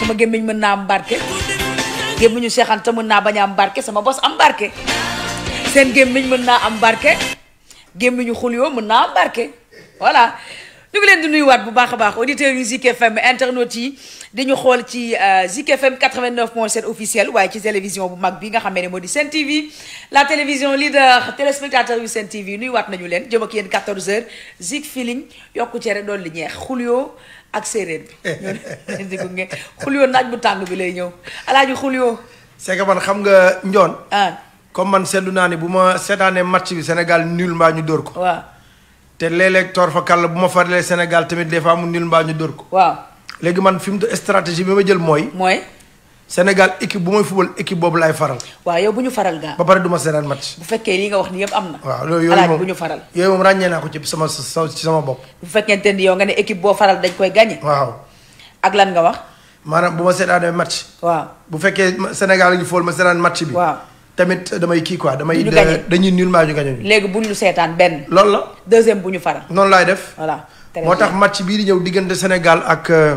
sama gémmiñ mën naa am barke gémmiñu Cheikh Anta mën naa bañ barke sama bos am barke seen gémmiñ mën naa am barke gémmiñu Xulyo mën naa am barke voilà ñu ngi leen di nuyuwaat bu baax a baax auditeurs yu Zik FM internautes yi di ñu xool ci euh, Zik FM 89.7 officiel waaye ci télévision bu mag bi nga xam ne moo di Sen TV la télévision leader téléspectateur yu Sen TV nuyuwaat nañu leen jëm ak yéen 14h Zik Feeling yokku cere doon li ñeex Xulyo ak séeréer bi ñoo di gunge xulio naaj bu tàng bi lay ñëw alaaji xulio c'est que man xam nga njoon ah comme man seetlu naa ni bu ma seetaanee match bi Sénégal nul mbaa ñu dóor ko waaw te léeg-léeg toor fa kàll bu ma lee Sénégal tamit des fois mu nul mbaa ñu dóor ko waaw léegi man fi mu stratégie bi ma jël mooy mooy Sénégal équipe bu may fubal équipe boobu laay faral. waaw yow bu ñu faral gaa. ba pare du ma seetaan match. bu fekkee li nga wax ni yëpp am na. waaw loolu yooyu moom ñu faral. yooyu moom ràññee naa ko ci sama ci sama bopp. bu fekkente ni yow nga ne équipe boo faral dañ koy gagné. waaw ak lan nga wax. maanaam bu ma seetaanee match. bu fekkee Sénégal ngi fool ma seetaan match bi. waaw tamit damay kii quoi damay. dañuy nul maa ñu gagné. léegi bu ñu seetaan benn. loolu la deuxième bu ñu faral. noonu laay def. voilà moo tax match bii di ñëw diggante Sénégal ak euh,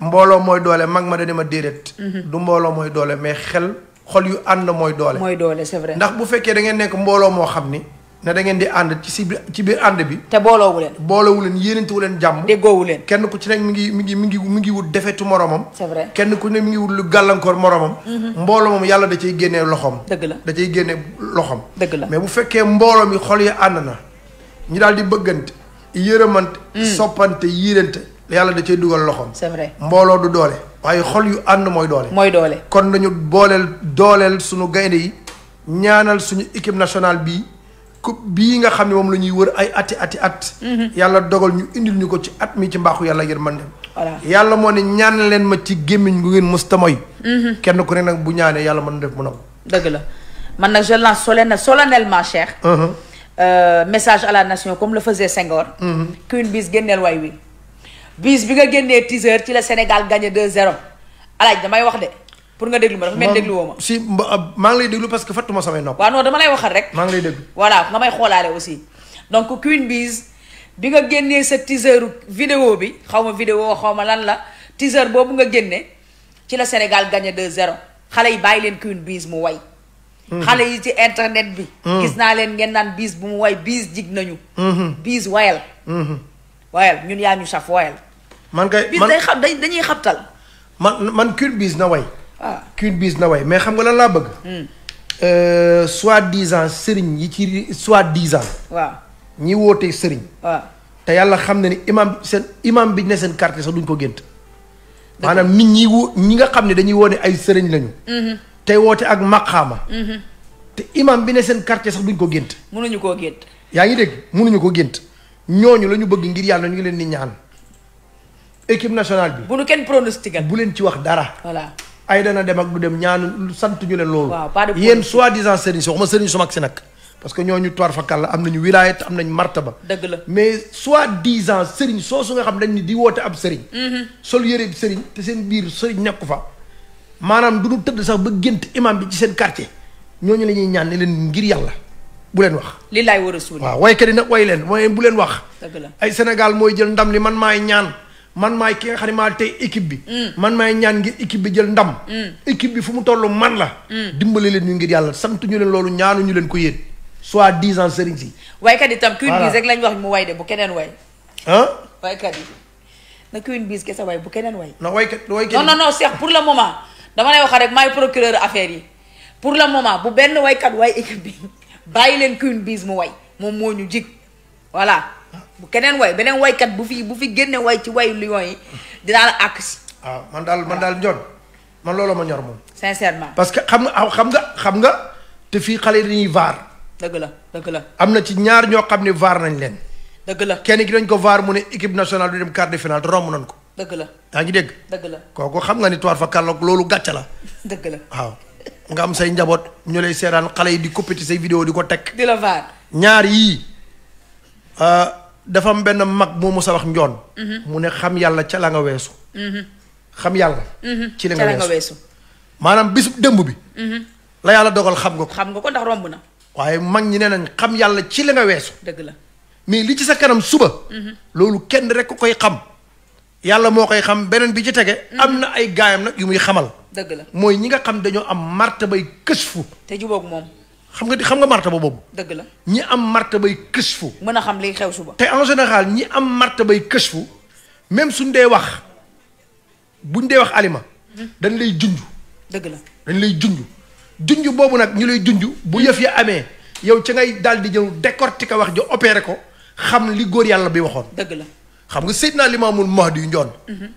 mbooloo mooy doole mag ma da dema déedéet. Mhm. du mbooloo mooy doole mais xel xol yu ànd mooy doole. mooy doole c'est ndax bu fekkee da ngeen nekk mbooloo moo xam ni. ne da ngeen di ànd ci si ci biir ànd bi. te booloowu leen. booloowu leen yéenantewu leen jàmm. déggoowu leen kenn ku ci nekk mi ngi mi ngi mi ngi mi ngi wut defetu moromam. c'est kenn ku ne mi ngi wut lu gàllankoor moromam. Mhm. mbooloo moom yàlla da cay génnee loxoom. dëgg la da cay génnee loxoom. dëgg la mais bu fekkee mbooloo mi xol yi ànd na ñi daal di bëggante yërëmante. Mm. soppante yiirante yàlla da cee dugal loxoom. c'est vrai mbooloo du doole. waaye xol yu ànd mooy doole. mooy doole kon nañu booleel dooleel suñu gaynde yi ñaanal suñu équipe nationale bii coupe bii nga xam ne moom la ñuy wër ay ati ati at. Mhm. yàlla dogal ñu indil ñu ko ci at mi ci mbaaxu yàlla yéen man dem. voilà yàlla moo ne ñaan leen ma ci gémmiñ gu ngeen mës tamoy. Mhm. kenn ku ne nag bu ñaanee yàlla mën def mu nangu. dëgg la man nag je lance solennel solennellement cher. Mhm. Euh, message à la nation comme le faisait Senghor. qu'une bise génneel way wi. bis bi nga génnee teaser ci la Sénégal gagné 2-0 alaaj damay wax de pour nga déglu ma dafa mel déglu woo ma. si ah, maa ngi lay déglu parce que fattuma samay nopp. waaw non dama lay waxal rek. maa ngi lay déglu voilà nga may xoolaale aussi donc Queen biis bi nga génnee sa teaseru vidéo bi xaw ma vidéo xaw ma lan la teaser boobu nga génne ci la Sénégal gagné 2-0 xale yi bàyyi leen Queen biis mu way. Mm-hmm. xale yi ci internet bi. Mm-hmm. gis naa leen ngeen naan Biz bu mu way Biz jig nañu. Mm-hmm. Biz wayal. wayal ñun yaa ñu saf wayal. man kay man bis day xam dañuy xabtal. man man Queen Biz na way. waaw ah. Queen na way mais xam nga lan laa bëgg. Hmm. Euh, soit dis disant sëriñ yi ci soit dis waaw ñi wootee sëriñ. waaw te yàlla xam ne ni imam seen imam bi ne seen quartier sax duñ ko gént. maanaam nit ñi ñi nga xam ne dañuy woone ay sëriñ lañu. Mm-hmm. tey woote ak maqaama. Mm-hmm. te imam bi ne seen quartier sax duñ ko gént. mënuñu koo gént. yaa ngi dégg mënuñu ko gént. ñooñu la ñu bëgg ngir yàlla ñu ngi leen di ñaan équipe nationale bi. bu nu kenn pronostical. bu leen ci wax dara. voilà ay dana dem ak du dem ñaan sant ñu leen loolu. waaw pas de yéen soi-disant sëriñ si waxuma sëriñ su parce que ñooñu toir fakal la am nañu wilaayat am nañu martaba. dëgg la mais soi-disant sëriñ soosu nga xam dañ ni di woote ab sëriñ. Mm-hmm. sol yëre bi sëriñ te seen biir sëriñ nekku fa. maanaam du ñu tëdd sax ba gént imam bi ci seen quartier ñooñu la ñuy ñaan ne leen ngir yàlla. bu leen wax. li laay war a suul. waaw waykat yi nag way leen mooy bu leen wax. dëgg la ay Sénégal mooy jël ndam li man maay ñaan man maay ki nga xam ne maa tey équipe bi. Mm. man maay ñaan ngir équipe bi jël ndam. Mm. équipe bi fu mu toll man la. Mm. dimbale leen ñu ngir yàlla sant ñu leen loolu ñaanu ñu leen ko yéen soit dix ans sëriñ si. waykat yi tam. voilà rek lañ wax mu way de bu keneen way. ah yi. na Queen Biz kese way bu keneen way. na waykat waykat non non non Cheikh pour le moment dama lay wax rek maay yi pour le moment bu benn waykat way équipe bi. bàyyi leen Queen Biz mu way moom moo ñu jig voilà bu keneen way beneen waykat bu fi bu fi génnee way ci wayu Lions yi dinaa la àkk si. waaw ah, man daal man daal njoon man looloo ma ñor moom. sincèrement parce que xam nga ah, xam nga xam nga te fii xale yi dañuy vaar. dëgg la dëgg la. am na ci ñaar ñoo xam ne vaar nañ leen. dëgg la kenn ki dañ ko vaar mu ne équipe nationale du dem quart de finale te romb nañ ko. dëgg la yaa ngi dégg. dëgg la kooku xam nga ni toir fa kàlloog loolu gàcce la. dëgg la nga am say njaboot ñu lay seeraan xale yi di coppite say vidéo di ko teg. di la vaar ñaar yii euh, dafa am benn mag moo mos wax njoon. Mhm. mu ne xam yàlla ca la nga weesu. Mhm. xam yàlla. Mhm. ci la nga weesu maanaam bisub dëmb bi. la yàlla dogal xam nga ko. xam nga ko ndax romb na. waaye mag ñi nee nañ xam yàlla ci la nga weesu. dëgg la mais li ci sa kanam suba. loolu kenn rek ko koy xam. yàlla moo koy xam beneen bi ci tege. am na ay gaayam nag yu muy xamal. dëgg la mooy ñi nga xam dañoo am martabay kësfu. te jubóog moom. xam nga di xam nga martaba boobu. dëgg la ñi am martabay kësfu. mën a xam liy xew suba. te en général ñi am martabay kësfu même suñ dee wax buñ dee wax alima. dañ lay junj. dëgg la dañ lay junj junj boobu nag ñu lay junj bu yëf ya amee yow ci ngay daal di jël décortiquer wax ji opéré ko xam li góor yàlla bi waxoon. dëgg la xam nga Seydina Limaamul Mahdi yu njoon mhm.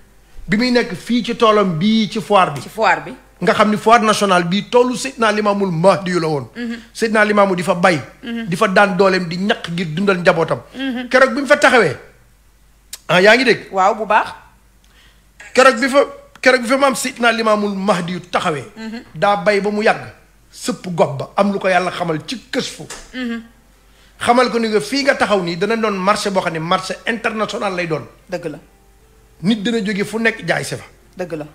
bi muy nekk fii ci toolam bii ci foire bi. ci foire bi. nga xam ni foire national bii toolu Seydina Limamul Mahdi la woon. Mhm. Seydina di fa bay. Mhm. di fa daan dooleem di ñaq ngir dundal njabootam. Mhm. keroog bi mu fa taxawee. ah yaa ngi dégg. waaw bu baax. keroog bi fa keroog bi fa maam Seydina Limamul Mahdi yu taxawee. daa bay ba mu yàgg. sëpp gob ba am lu ko yàlla xamal ci kës fu. xamal ko ni nga fii nga taxaw nii dana doon marché boo xam marché international lay doon. dëgg la. nit dina jóge fu nekk jaay si fa. dëgg la.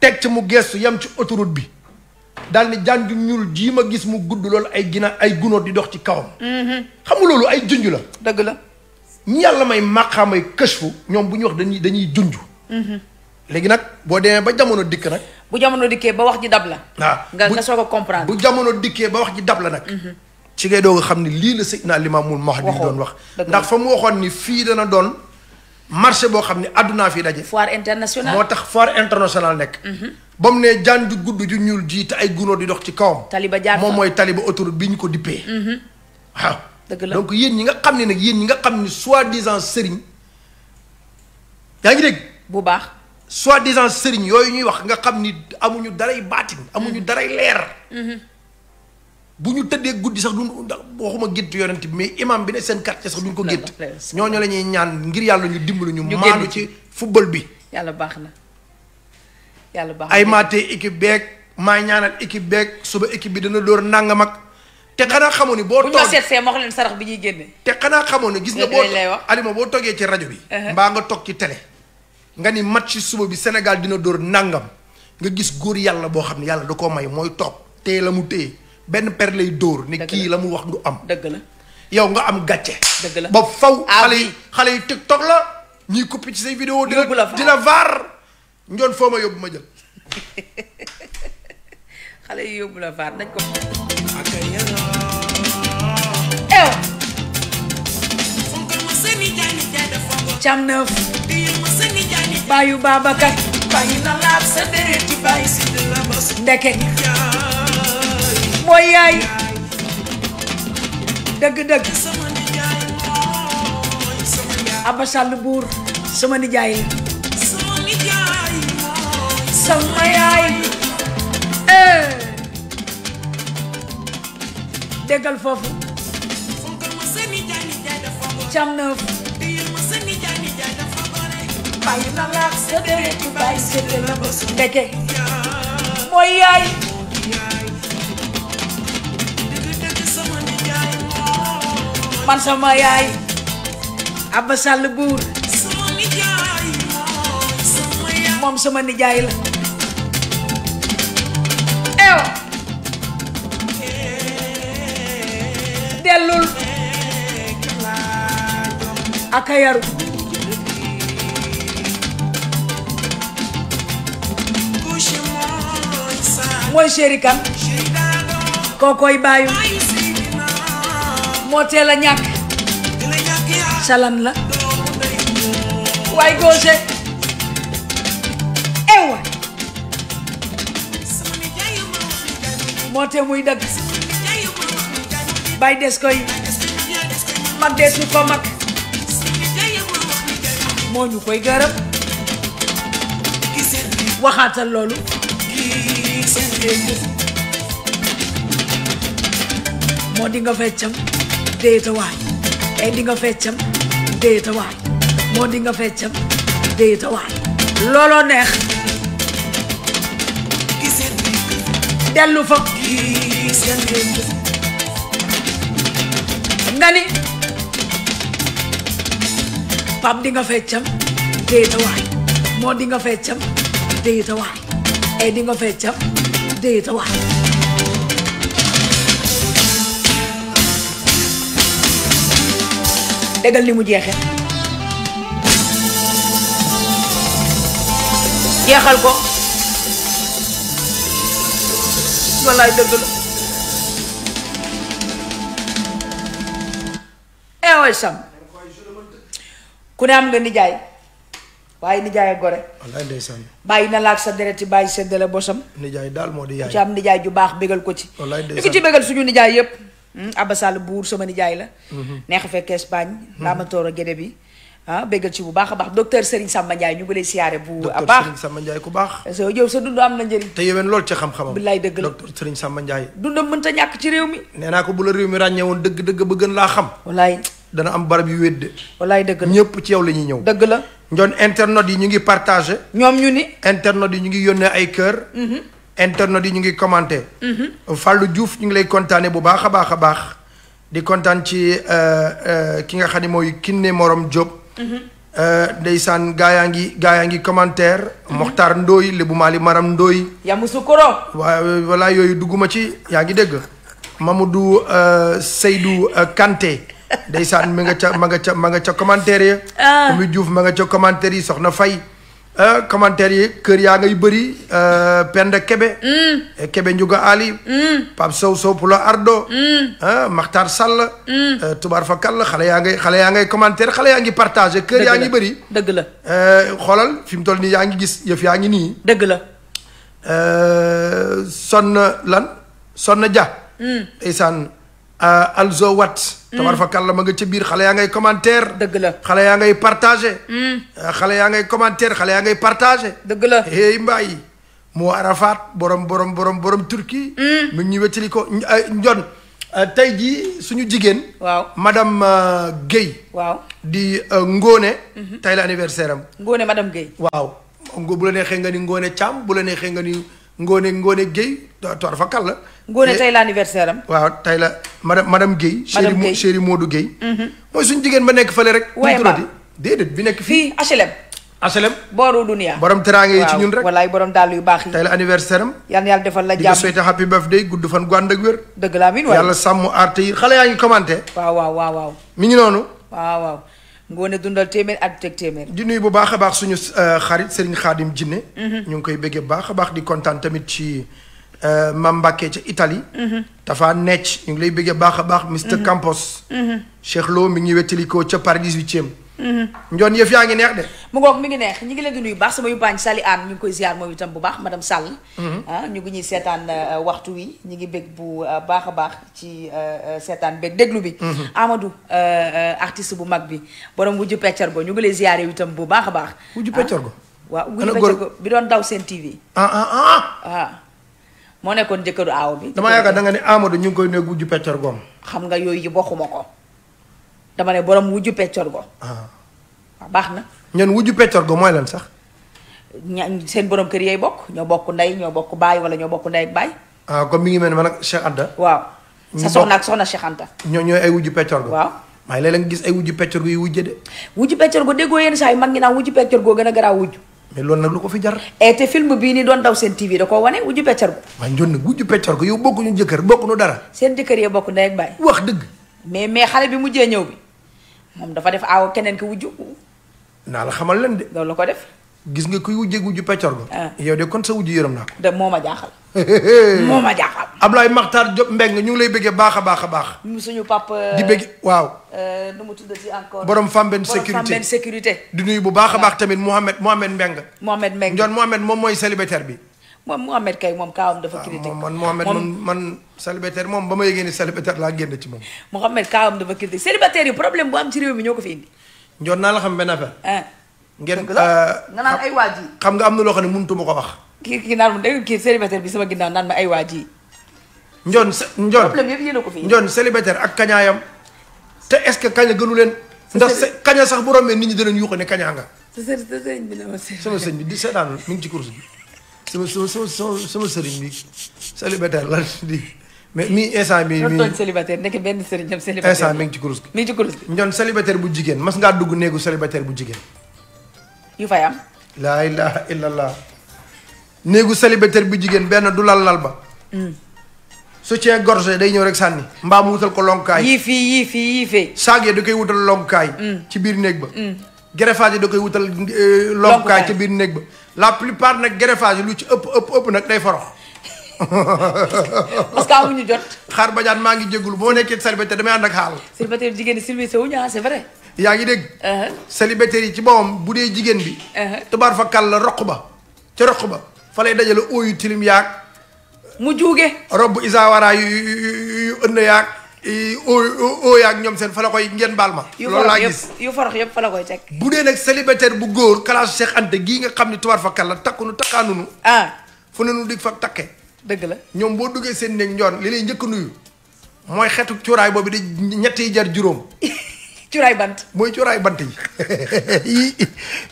teg ci mu gestu yam ci autoroute bi daal ni jaan ju ñuul jii ma gis mu gudd loolu ay gina ay gunóor di dox ci kawam. Mm-hmm. xam nga ay junj la. dëgg la. ñi yàlla may màqaamay kësfu ñoom bu ñu wax dañuy dañuy junj. Mm-hmm. léegi nag boo demee ba jamono dikk nag. bu jamono dikkee ba wax ji dab la. waaw ah, nga nga soog a bu jamono dikkee ba wax ji dab la nag. Mm-hmm. ci ngay doog a xam ni lii la Seydina Limaamul Mahdi doon wax. ndax fa mu waxoon ni fii dana doon. marché boo xam ne àddunaa fi daje. foire internationale moo tax foire internationale nekk. Mhm. ba mu ne jaan ju gudd ju ñuul ji te ay gunóor di dox ci kawam. taliba jaar moom mooy taliba autoroute bi ñu ko dippee. Mhm. waaw. dëgg la donc yéen ñi nga xam ne nag yéen ñi nga xam ne soi-disant sëriñ yaa ngi dégg. bu baax. soi-disant sëriñ yooyu ñuy wax nga xam ni amuñu daray baatin amuñu daray leer. Mhm. bu ñu tëddee guddi sax duñ waxuma gétt yonent bi mais imam bi ne seen quartier sax duñ ko gétt ñooñu la ñuy ñaan ngir yàlla ñu dimbali ñu maanu ci football bi yàlla baax na yàlla baax ay maatee équipe beeg maa ñaanal équipe beeg suba équipe bi dana dóor nangam ak te xanaa xamoon ni boo toog bu ñu leen sarax bi ñuy génne te xanaa xamoon ni gis nga boo alima boo toggee ci rajo bi uh-huh. mbaa nga toog ci télé nga ni ci suba bi Sénégal dina dóor nangam nga gis góor yàlla boo xam ne yàlla du koo may mooy toog téye la mu téye ben per lay dóor ni ki la wax du am deug la yow nga am gatché deug la ba faw ah xale yi tiktok la coupé ci ces vidéo di la di la vaar njoon ma jël xale yi la vaar dañ ko ew cam neuf sa ci de la ndeke mooy yaay dëgg-dëgg Abba Sall buur sama nijaay sama yaay eh. déggal foofu cam neuf bàyyi na la sa dee bàyyi sa dee la ndeke mooy yaay man sama yaay Abba Sall buur moom sama nijaay la ew dellul aka mooy chéri kan kookooy moo teel a ñàkk salan la waay goose ewa eh moo tee muy dagg bay des koy mag des ñu ko mag moo ñu koy gërëm waxaatal loolu moo di nga feccam déeta waay tey eh, di nga feccam déeta waay moo feccam déeta waay looloo neex dellu fa nga ni pap feccam déeta waay moo feccam déeta waay tey eh, feccam déeta waay डगल नहीं मुझे आखिर क्या को बाई नहीं गोरे बाई ना बोसम नहीं जाए डाल मोड़ी चाम नहीं जो बाख बिगल कुछ अलाइन दे सम इकुची Hmm, abassal bour sama sama jay la. Mhm. neex fek Espagne. Mhm. ma toro gede bi. ah béggal ci bu baakha bax docteur Serigne Samba ndjay ñu ngi siaré bu baax docteur Serigne Samba ndjay ku baax. so yow sa dundu am na njëriñ. te yewen lol ci xam-xamam. billahi deug docteur Serigne Samba dundu mën ta ñak ci rew mi. neena ko bu la rew mi ragne won deug deug bu gën la xam. wallahi dana am barab yu wedd wallahi deug la ci yow lañuy ñew deug la ñon internet yi ñu ngi partager ñom ñu ni. internet yi ñu ngi ay internet yi ñu ngi commenté. Mhm. Fallou Diouf ñu ngi lay kontaanee bu baax a baax a baax. di kontaan ci euh, euh, ki nga xam ne mooy Kiné Morom Diop. Mhm. Euh, ndeysaan gaa yaa ngi gaa yaa ngi commentaire. Mhm. Mokhtar Ndoy Lebu Mali Maram Ndoy. Yamoussoukro. waaw voilà yooyu dugguma ci yaa ngi dégg. Mamadou Seydou Kanté. ndeysaan mi nga ca ma nga ca ma nga ca commentaire ya. Ah. Oumy Diouf ma nga ca commentaire yi soxna Faye. Euh, commentaire yi kër yaa ngay bëri euh, pend Kebe mm. Kebe Ndiouga Ali mm. Pape Sow Sow Pula Ardo mm. Makhtar Sall euh, tubaar fa kall xale yaa ngay xale yaa ngay commentaire xale yaa ngi partagé kër yaa ngi bëri dëgg la xoolal fi mu toll nii yaa ngi gis yëf yaa ngi nii dëgg sonn lan sonn ja ndeysaan Euh, alzowat tabarfakalla ma nga ca biir xale yaa ngay commentaire dëgg la xale yaa ngay partage hmm. euh, xale yaa ngay commentaire xale yaa ngay partagé dëgg la hey mbaayi moo Arafat borom borom borom borom Turquie hmm. mu ñu wettali ko njon euh, tey jii suñu jigéen madam madame Guèye waaw di Ngone mhm. tey la anniversaire am Ngone madame Guèye waaw bu la neexee nga ni ngoone cam bu la neexee nga ni Ngone Ngone Guèye toor fa kàll. Ngone eh, tey la anniversaire waaw tey la madame madame Guèye. madame Guèye chéri Modou Guèye. Mhm. mooy suñu jigéen ba nekk fële rek. waaye ba déedéet bi nekk fii HLM. HLM booru dunia borom teraanga yi ci ñun rek wallaay borom dàll yu baax yi tey la anniversaire am yal na yàlla defal la jàmm di ko souhaité happy birthday gudd fan gu ànd ak wér dëgg la amiin waay yàlla sàmm aarte yi xale yaa ngi commenté waaw waaw waaw waaw ngoone dundal téeméer at teg téeméer. di nuyu bu baax a baax suñu euh, xarit Serigne Khadim Jinne. Mhm. ñu ngi koy bëggee bu baax a baax di kontaan tamit ci euh, Mam Mbacke ca Italie. Mhm. dafa necc ñu ngi lay bëggee baax a baax. Mr mhm. Campos. Cheikh Lo mi ngi wettalikoo ca Paris 18e. Mm-hmm. njoon yëf yaa ngi neex de mu ngoog mi ngi neex ñi ngi leen di nuyu baax sama yubbaañ Sali Anne ñu ngi koy ziar moom itam bu baax madame Sall mm-hmm. ah, ñu ngi ñuy seetaan euh, waxtu wi ñu ngi bég bu euh, baax a baax ci euh, seetaan bég déglu bi mm-hmm. Amadou artiste bu mag bi borom wujju peccar go ñu ngi lay ziar itam bu baax a baax wujju peccar ah, go waaw wujju peccar go bi doon daw seen TV ah, ah ah ah moo nekkoon jëkkëru aaw bi damaa yaakaar da nga ne Amadou ñu ngi koy ne wujju peccar goom xam nga yooyu yi bokkuma ko dama ne borom wujju peccor go. waaw ah. ah, baax na. ñoom wujju peccor go mooy lan sax. ña seen borom kër yay bokk ñoo bokk ndey ñoo bokk baay wala ñoo bokk ndey ak baay. ah mi ngi mel ne man ak Cheikh Anta. waaw sa ak soxna Cheikh Anta. ñoo ñooy ay wujju peccor go. waaw waaye léeg gis ay wujju peccor go yu wujje de. wujju peccor go déggoo yenn saa yi mag ñi naan wujju peccor go gën a garaaw wujju. mais loolu nag lu ko fi jar. et eh, bii nii doon daw seen TV koo wane wujju peccar ko. waaw njoon nag wujju peccar ko yow bokkuñu jëkkër bokkuñu dara. seen jëkkër yee bokk ndey ak baay. wax dëgg. mais mais xale bi mujjee ñëw bi moom dafa def aaw keneen ki wujju naa la xamal leen de. loolu la ko def. gis nga kuy wujjee wujju peccor ga ah. yow de kon sa wujju yërëm naa de moo ma jaaxal. moo ma jaaxal. Ablaye Makhtar Diop Mbeng ñu ngi lay bëggee baax a baax a baax. suñu papa. di bëgg waaw. Euh, nu mu tuddati encore. borom Famben sécurité borom Famben sécurité. di nuyu bu baax a baax ah. tamit Mohamed Mohamed Mbeng. Mohamed Mbeng Ndiol Mohamed moom mooy célibataire bi. moom Mouhamed kay moom kaawam dafa ah, critique man Mouhamed man man célibataire moom ba ma yëgee ni célibataire laa génn ci moom Mouhamed kaawam dafa critique célibataire yi problème bu am ci réew mi ñoo ko fi indi njoon naa la xam benn affaire ah. ngeen ah, nga naan ay waaj yi xam nga am na loo xam ne mënutuma ko wax kii kii naan mu dégg kii célibataire bi sama ginnaaw naan ma ay waaj yi njoon njoon problème yëpp yéen a ko fi njoon célibataire ak kañaayam te est-ce que kaña gënu leen ndax kaña sax bu rombee nit ñi dinañ yuuxu ne kañaa nga sama sëñ bi di seetaan mi ngi ci course bi sama sama sama sama sama sëriñ bi célibataire la di mais mi instant bi mi doon célibataire nekk benn sëriñ am célibataire instant mi ngi ci kurus gi mi ngi ci kurus gi ñoon célibataire bu jigéen mas ngaa dugg néegu célibataire bu jigéen yu fay am laa ilaha illallah néegu célibataire bu jigéen benn du lal lal ba mm. su cee gorge day ñëw rek sànni mbaa mu wutal ko lonkaay yii fii yii fii yii fii saag yi da koy wutal lonkaay mm. ci biir néeg ba mm. greffage yi da koy wutal eh, lonkaay ci biir néeg ba la plupart nag greffage lu ci ëpp ëpp ëpp nag day farox. parce que amuñu jot. xaar bajaan maa ngi jégalu boo nekkee célibataire damay ànd ak xaal. célibataire jigéen ñi silvissé wuñu ah c'est vrai. yaa ngi dégg. célibataire yi ci boppam bu dee jigéen bi. tubaar fa kàll la roq ba ca roq ba fa lay dajale ooyu tilim yaag. mu juuge. robb isaawaraa yu yu ënd yaag. oo yaak ñoom seen fa la koy ngeen baal ma. loolu laa gis yu forox yëpp fa la koy teg. bu dee nag célibataire bu góor classe Cheikh Anta gii nga xam ne tubaar fa kàlla takkunu takkaanunu. ah fu ne nu dig fa takke. dëgg la ñoom boo duggee seen néeg njoon li lay njëkk nuyu mooy xeetu cuuraay boobu di ñetti jar juróom. cuuraay bant. mooy cuuraay bant yi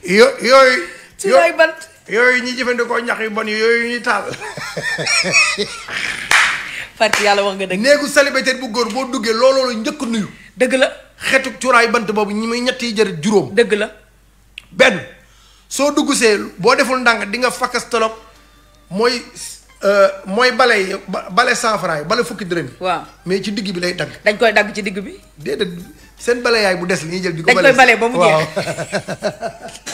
yooyu. cuuraay bant yooyu ñuy jëfandikoo ñax yu bon yooyu ñuy taal. parce yàlla wax nga dëgg. néegu célibataire bu góor boo duggee looloo la njëkk nuyu. dëgg la xeetu cuuraay bant boobu ñu muy ñetti jër juróom. dëgg la. benn soo dugg see boo deful ndànk di nga fakastaloog mooy euh, mooy bale yi bale cent franc yi bale fukki dërëm yi. waaw mais ci digg bi lay dagg. dañ koy dagg ci digg bi. déedéet seen bale yaay bu des li ñuy jël. di ko bale dañ koy ba mu jeex.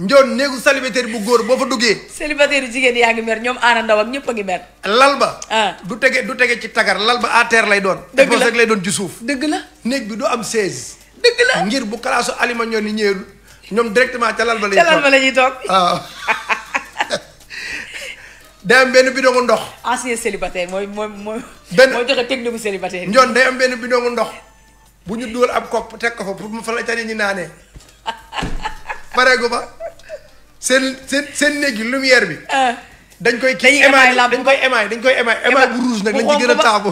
ndion negu célibataire bu góor bo fa duggé célibataire jigen jigéen yaa mer ñom aana ndaw ak ñepp nga mer. lal ba. Ah. du tege du tege ci tagar lal ba à terre lay doon. dëgg la lay doon ci suuf. dëgg la neeg bi du am 16 dëgg la ngir bu classe alima ñoon ni ñëwee ñom directement ci lal ba. ca lal ba la ñuy day am benn bidon ndox. ancien célibataire moy moy moy benn moy joxe technique bu célibataire. ndion day am benn bidon ndox bu ñu ab kop tek ko fa pour mu fa la ñi nané naanee pareegu ba. seen seen seen néegi lumière bi. Ah. dañ koy kii émail dañ koy émail dañ koy émail émail bu rouge nag lañ ci gën a taamu.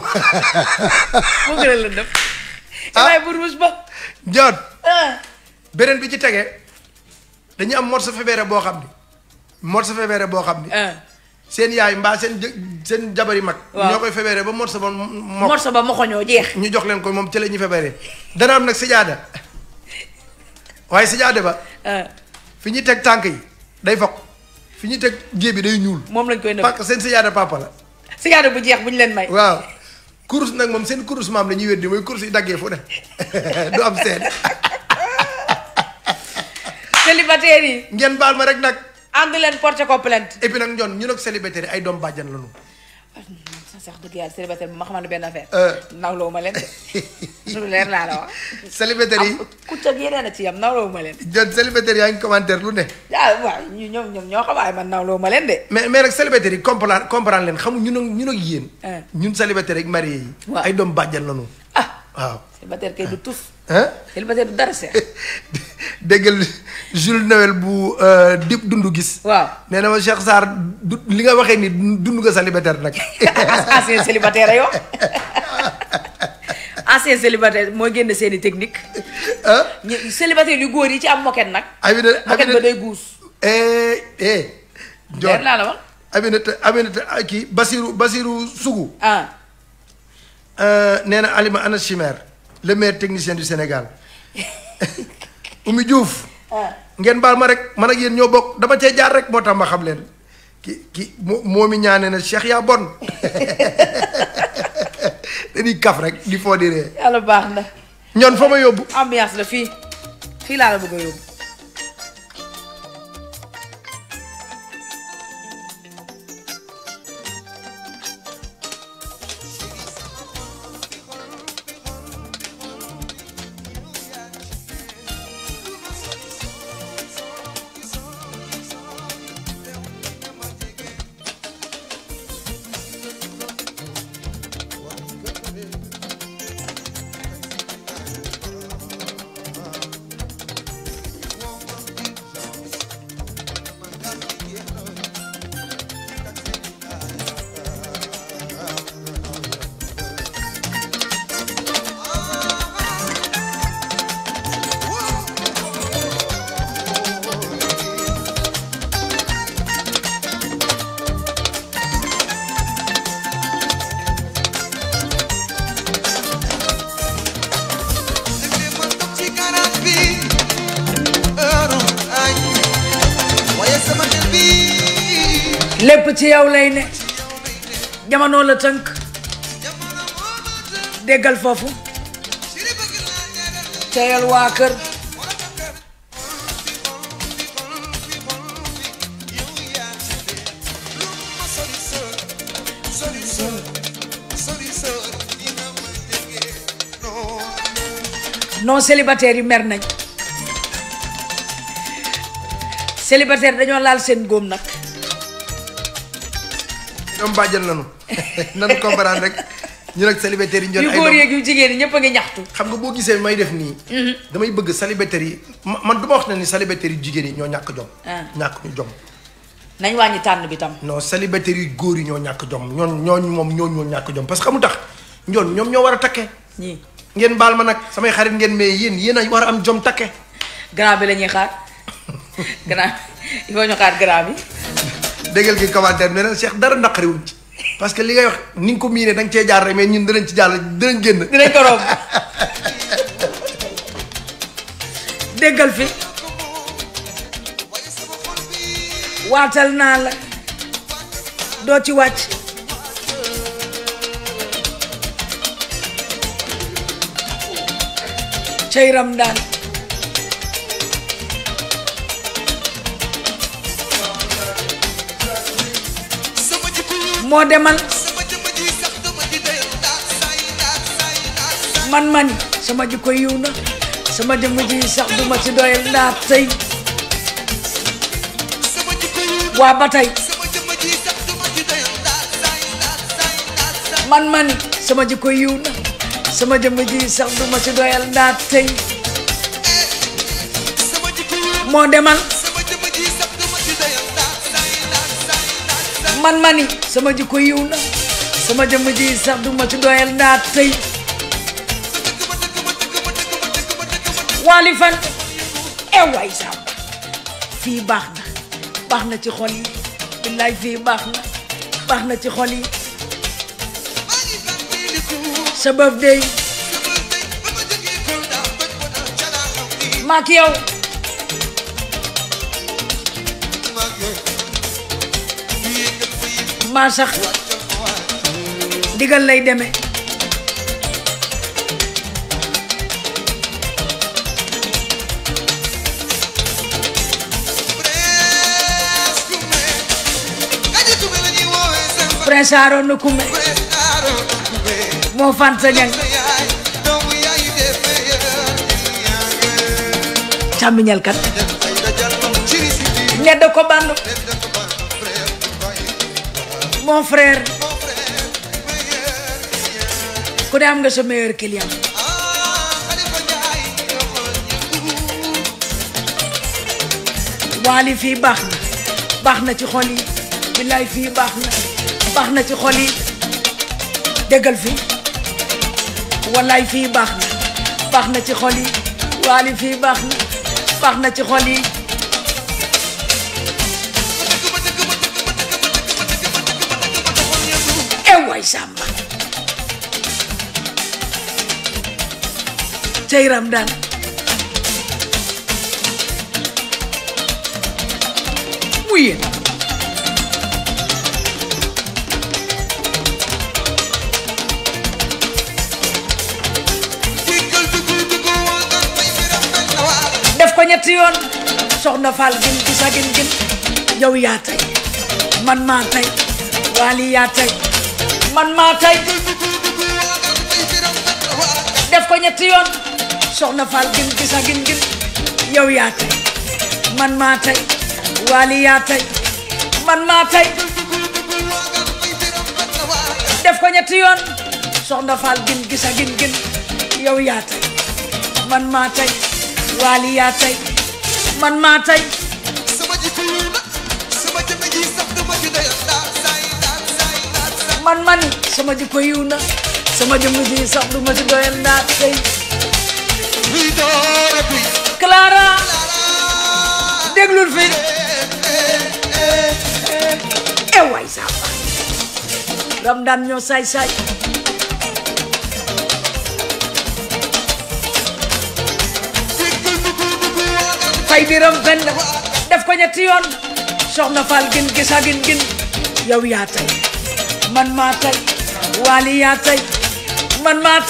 mu gën a lëndëm. Ah. émail bu rouge ba. John. Ah. beneen bi ci tege dañu am morceau fébéré boo xam ni morceau fébéré boo xam ni. seen yaay mbaa seen seen jabari mag. ñoo koy fébéré ba morceau ba mo. morceau ba moxoñoo jeex. ñu jox leen ko moom ci la ñu fébéré dana am nag sijaada waaye sijaada ba. fi ñuy teg tànk yi. day fokk fi ñu teg géej day ñuul. moom lañ koy nëb parce que seen sijaada papa la. sijaada bu jeex bu ñu leen may. waaw kurus nag moom seen kurus la ñuy weddi mooy kurus yi daggee fu ne du yi. ngeen baal ma rek nag. ànd leen porté ko plainte. et puis nag ñoon ñun ak célibataire ay doom bàjjan la ñu. sax dëgg yàlla célibataire bi ma xamal benn affaire. Euh. nawloo ma leen de. lu leer laa la wax. célibataire yi ku a ci yam nawloo ma leen. jot commentaire lu ne. ah waaw ñu ñoom ñoom ñoo xam waaye ma mais mais nag célibataire yi comprendre comprendre leen xamu ñun ak ñun ak yéen. Euh. ñun célibataire ak marié yi. ay doom bàjjan ah waaw célibataire kay du tus. ah. célibataire du dara seex. déggal Jules Noël bu euh, dund gis. waaw nee na ma Cheikh li nga waxee ni dund nga célibataire nag. ancien célibataire yow ancien célibataire mooy génn seeni technique. ah ñu yu góor yi ci am moket nag. Amina moket ba day guus. eh eh. Ndiol laa la wax. Ah. Euh, na Alima ana chimère. le meilleur technicien du Sénégal Oumy Diouf. ngeen baal ma rek man ak yéen ñoo bokk dama cee jaar rek moo tax ma xam leen ki ki moo mi ñaanee na Cheikh yaa bon dañuy kaf rek di foo di ree baax na. ñoon fa ma yóbbu. ambiance la fii fii laa la bëgg yóbbu. ci yow lay ne jamono la tënk déggal foofu teyal waa kër non célibataire yi mer nañ célibataire dañoo laal seen góom nag ñoom bàjjan lañu nan comprendre rek ñu nag célibataire yi ñu doon ay góor yeeg yu jigéen ñëpp a ngi ñaxtu. xam nga boo gisee may def nii. Mhm. damay bëgg célibataire yi man du ma wax ne ni célibataire jigéen yi ñoo ñàkk jom. Ah. ñàkk ñu jom. nañ wàññi tànn bi tam. non célibataire yu góor yi ñoo ñàkk jom ñoon ñooñu moom ñooñu ñoo ñàkk jom parce que xamu tax ñoon ñoom ñoo war a takke. ñii ngeen baal ma nag samay xarit ngeen mais yéen yéen a war a am jom takke. grand bi la ñuy xaar grand il faut ñu xaar grand bi déggal gi commentaire bi ne Cheikh dara naqariwuñ ci parce que li ngay wax ni nga ko miinee da nga cee jaar rek mais ñun dinañ ci jàll dinañ génn. dinañ ko romb déggal fi waatal naa la doo ci wàcc ceyram moo demal man mani sama jikko yiw na sama jëmm ji sax duma ci doyal ndaat tey waa ba tey man mani sama jikko yiw na sama jëmm ji sax duma ci doyal ndaat tey moo demal man mani sama jikko yiw na sama jëmm ji sax du ma ci doyal naa tey waali fan ewaay sàmm fii baax na baax na ci xol yi billaay baax na baax na ci xol yi sabab day ba sax digal lay deme presaro aaroon kumé mo moo fan sa ñang càmmiñal kat ne da ko bandu mon frère ku ne am nga sa meilleur client waali fii baax na baax na ci xol yi billaay baax na baax na ci xol yi déggal fi wallaay fii baax na baax na ci xol yi waali fii baax na baax na ci xol yi Jai Ramdan. Wih. def ko ñetti yoon soxna gin gin gin yow man man def ko soxna Fall gin gisa gin gin yow yaa tey man maa tey Waly yaa tey man maa tey def ko ñetti yoon soxna Fall gin gisa gin gin yow yaa tey man maa tey Waly yaa tey man maa tey man man sama jikko yiw na sama jëmm ji sax du ma ci doyal naa tey Clara déglul fi e eh, waay saa Ramdan ñoo saay saay fay def ko yow yaa man maa tey Waly yaa tey man maa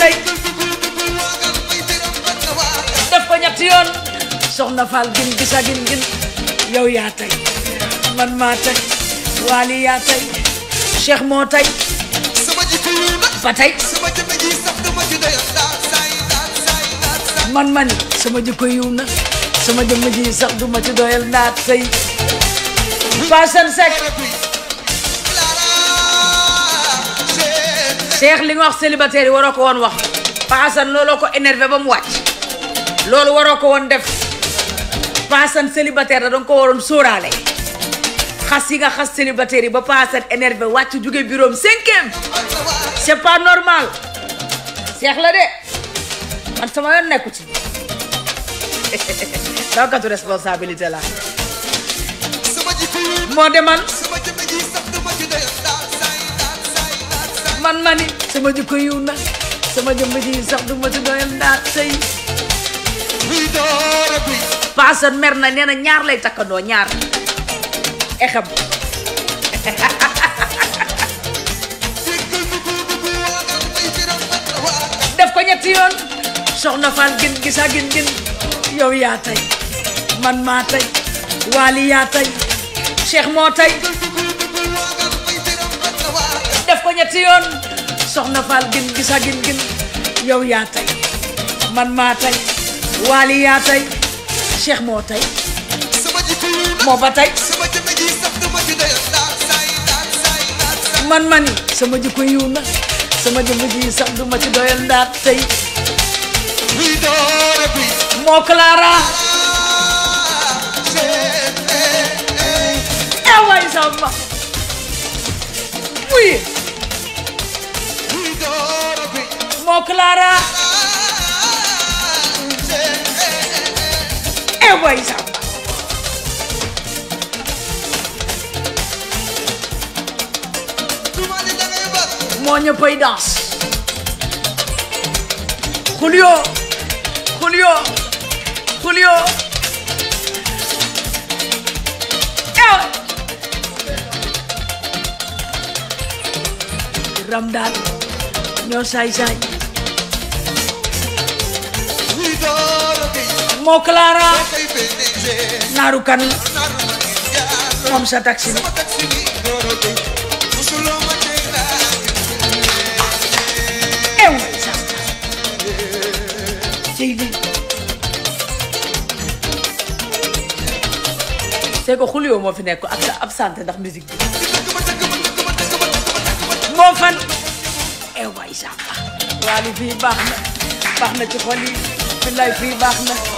ñetti yoon soxna Fall gin bisa gin gin yow yaa tey man maa tey Waly yaa tey Cheikh moo tey ba tey man mani sama jikko yiw na sama jëmm ji sax du ma ci doyal naat tey Fassane Seck Cheikh li nga wax célibataire yi waroo ko woon wax Fassane looloo ko énervé ba mu wàcc loolu waro ko won def passan célibataire da dang ko woron sóoraale xas yi nga xas célibataire yi ba paasan énervé waccu jóge bureau 5e c'est pas normal cheikh la de man sama yoon nekku ci tu responsabilité la mo dé man man mani sama jikko yiw na sama jëmm ji sax du ma ci doyal ndaat Paasan mer na nee na ñaar lay takkandoo ñaar exam def ko ñetti yoon soxna Fall gin gisa gin gin yow yaa tey man maa tey Waly yaa tey Cheikh moo tey def ko ñetti yoon soxna Fall gin gisa gin gin yow yaa tey man maa tey waali yaa tey Cheikh moo tey moo ba tey man mani sama jikko yiw na sama jëmm ji sax du ma ci doyal ndaat tey moo Clara ewaay sama oui moo Clara buai sampah. Mau nyobain das. Julio, Julio, Julio. Ramdan, nyo nyosai sai. Mau Clara. narukan om satak sini ewa santa jadi seko Julio moo fi nekk absente ndax musique bi moo fan ewa santa waalu fii baax na baax na ci xol yi fi lay fii baax na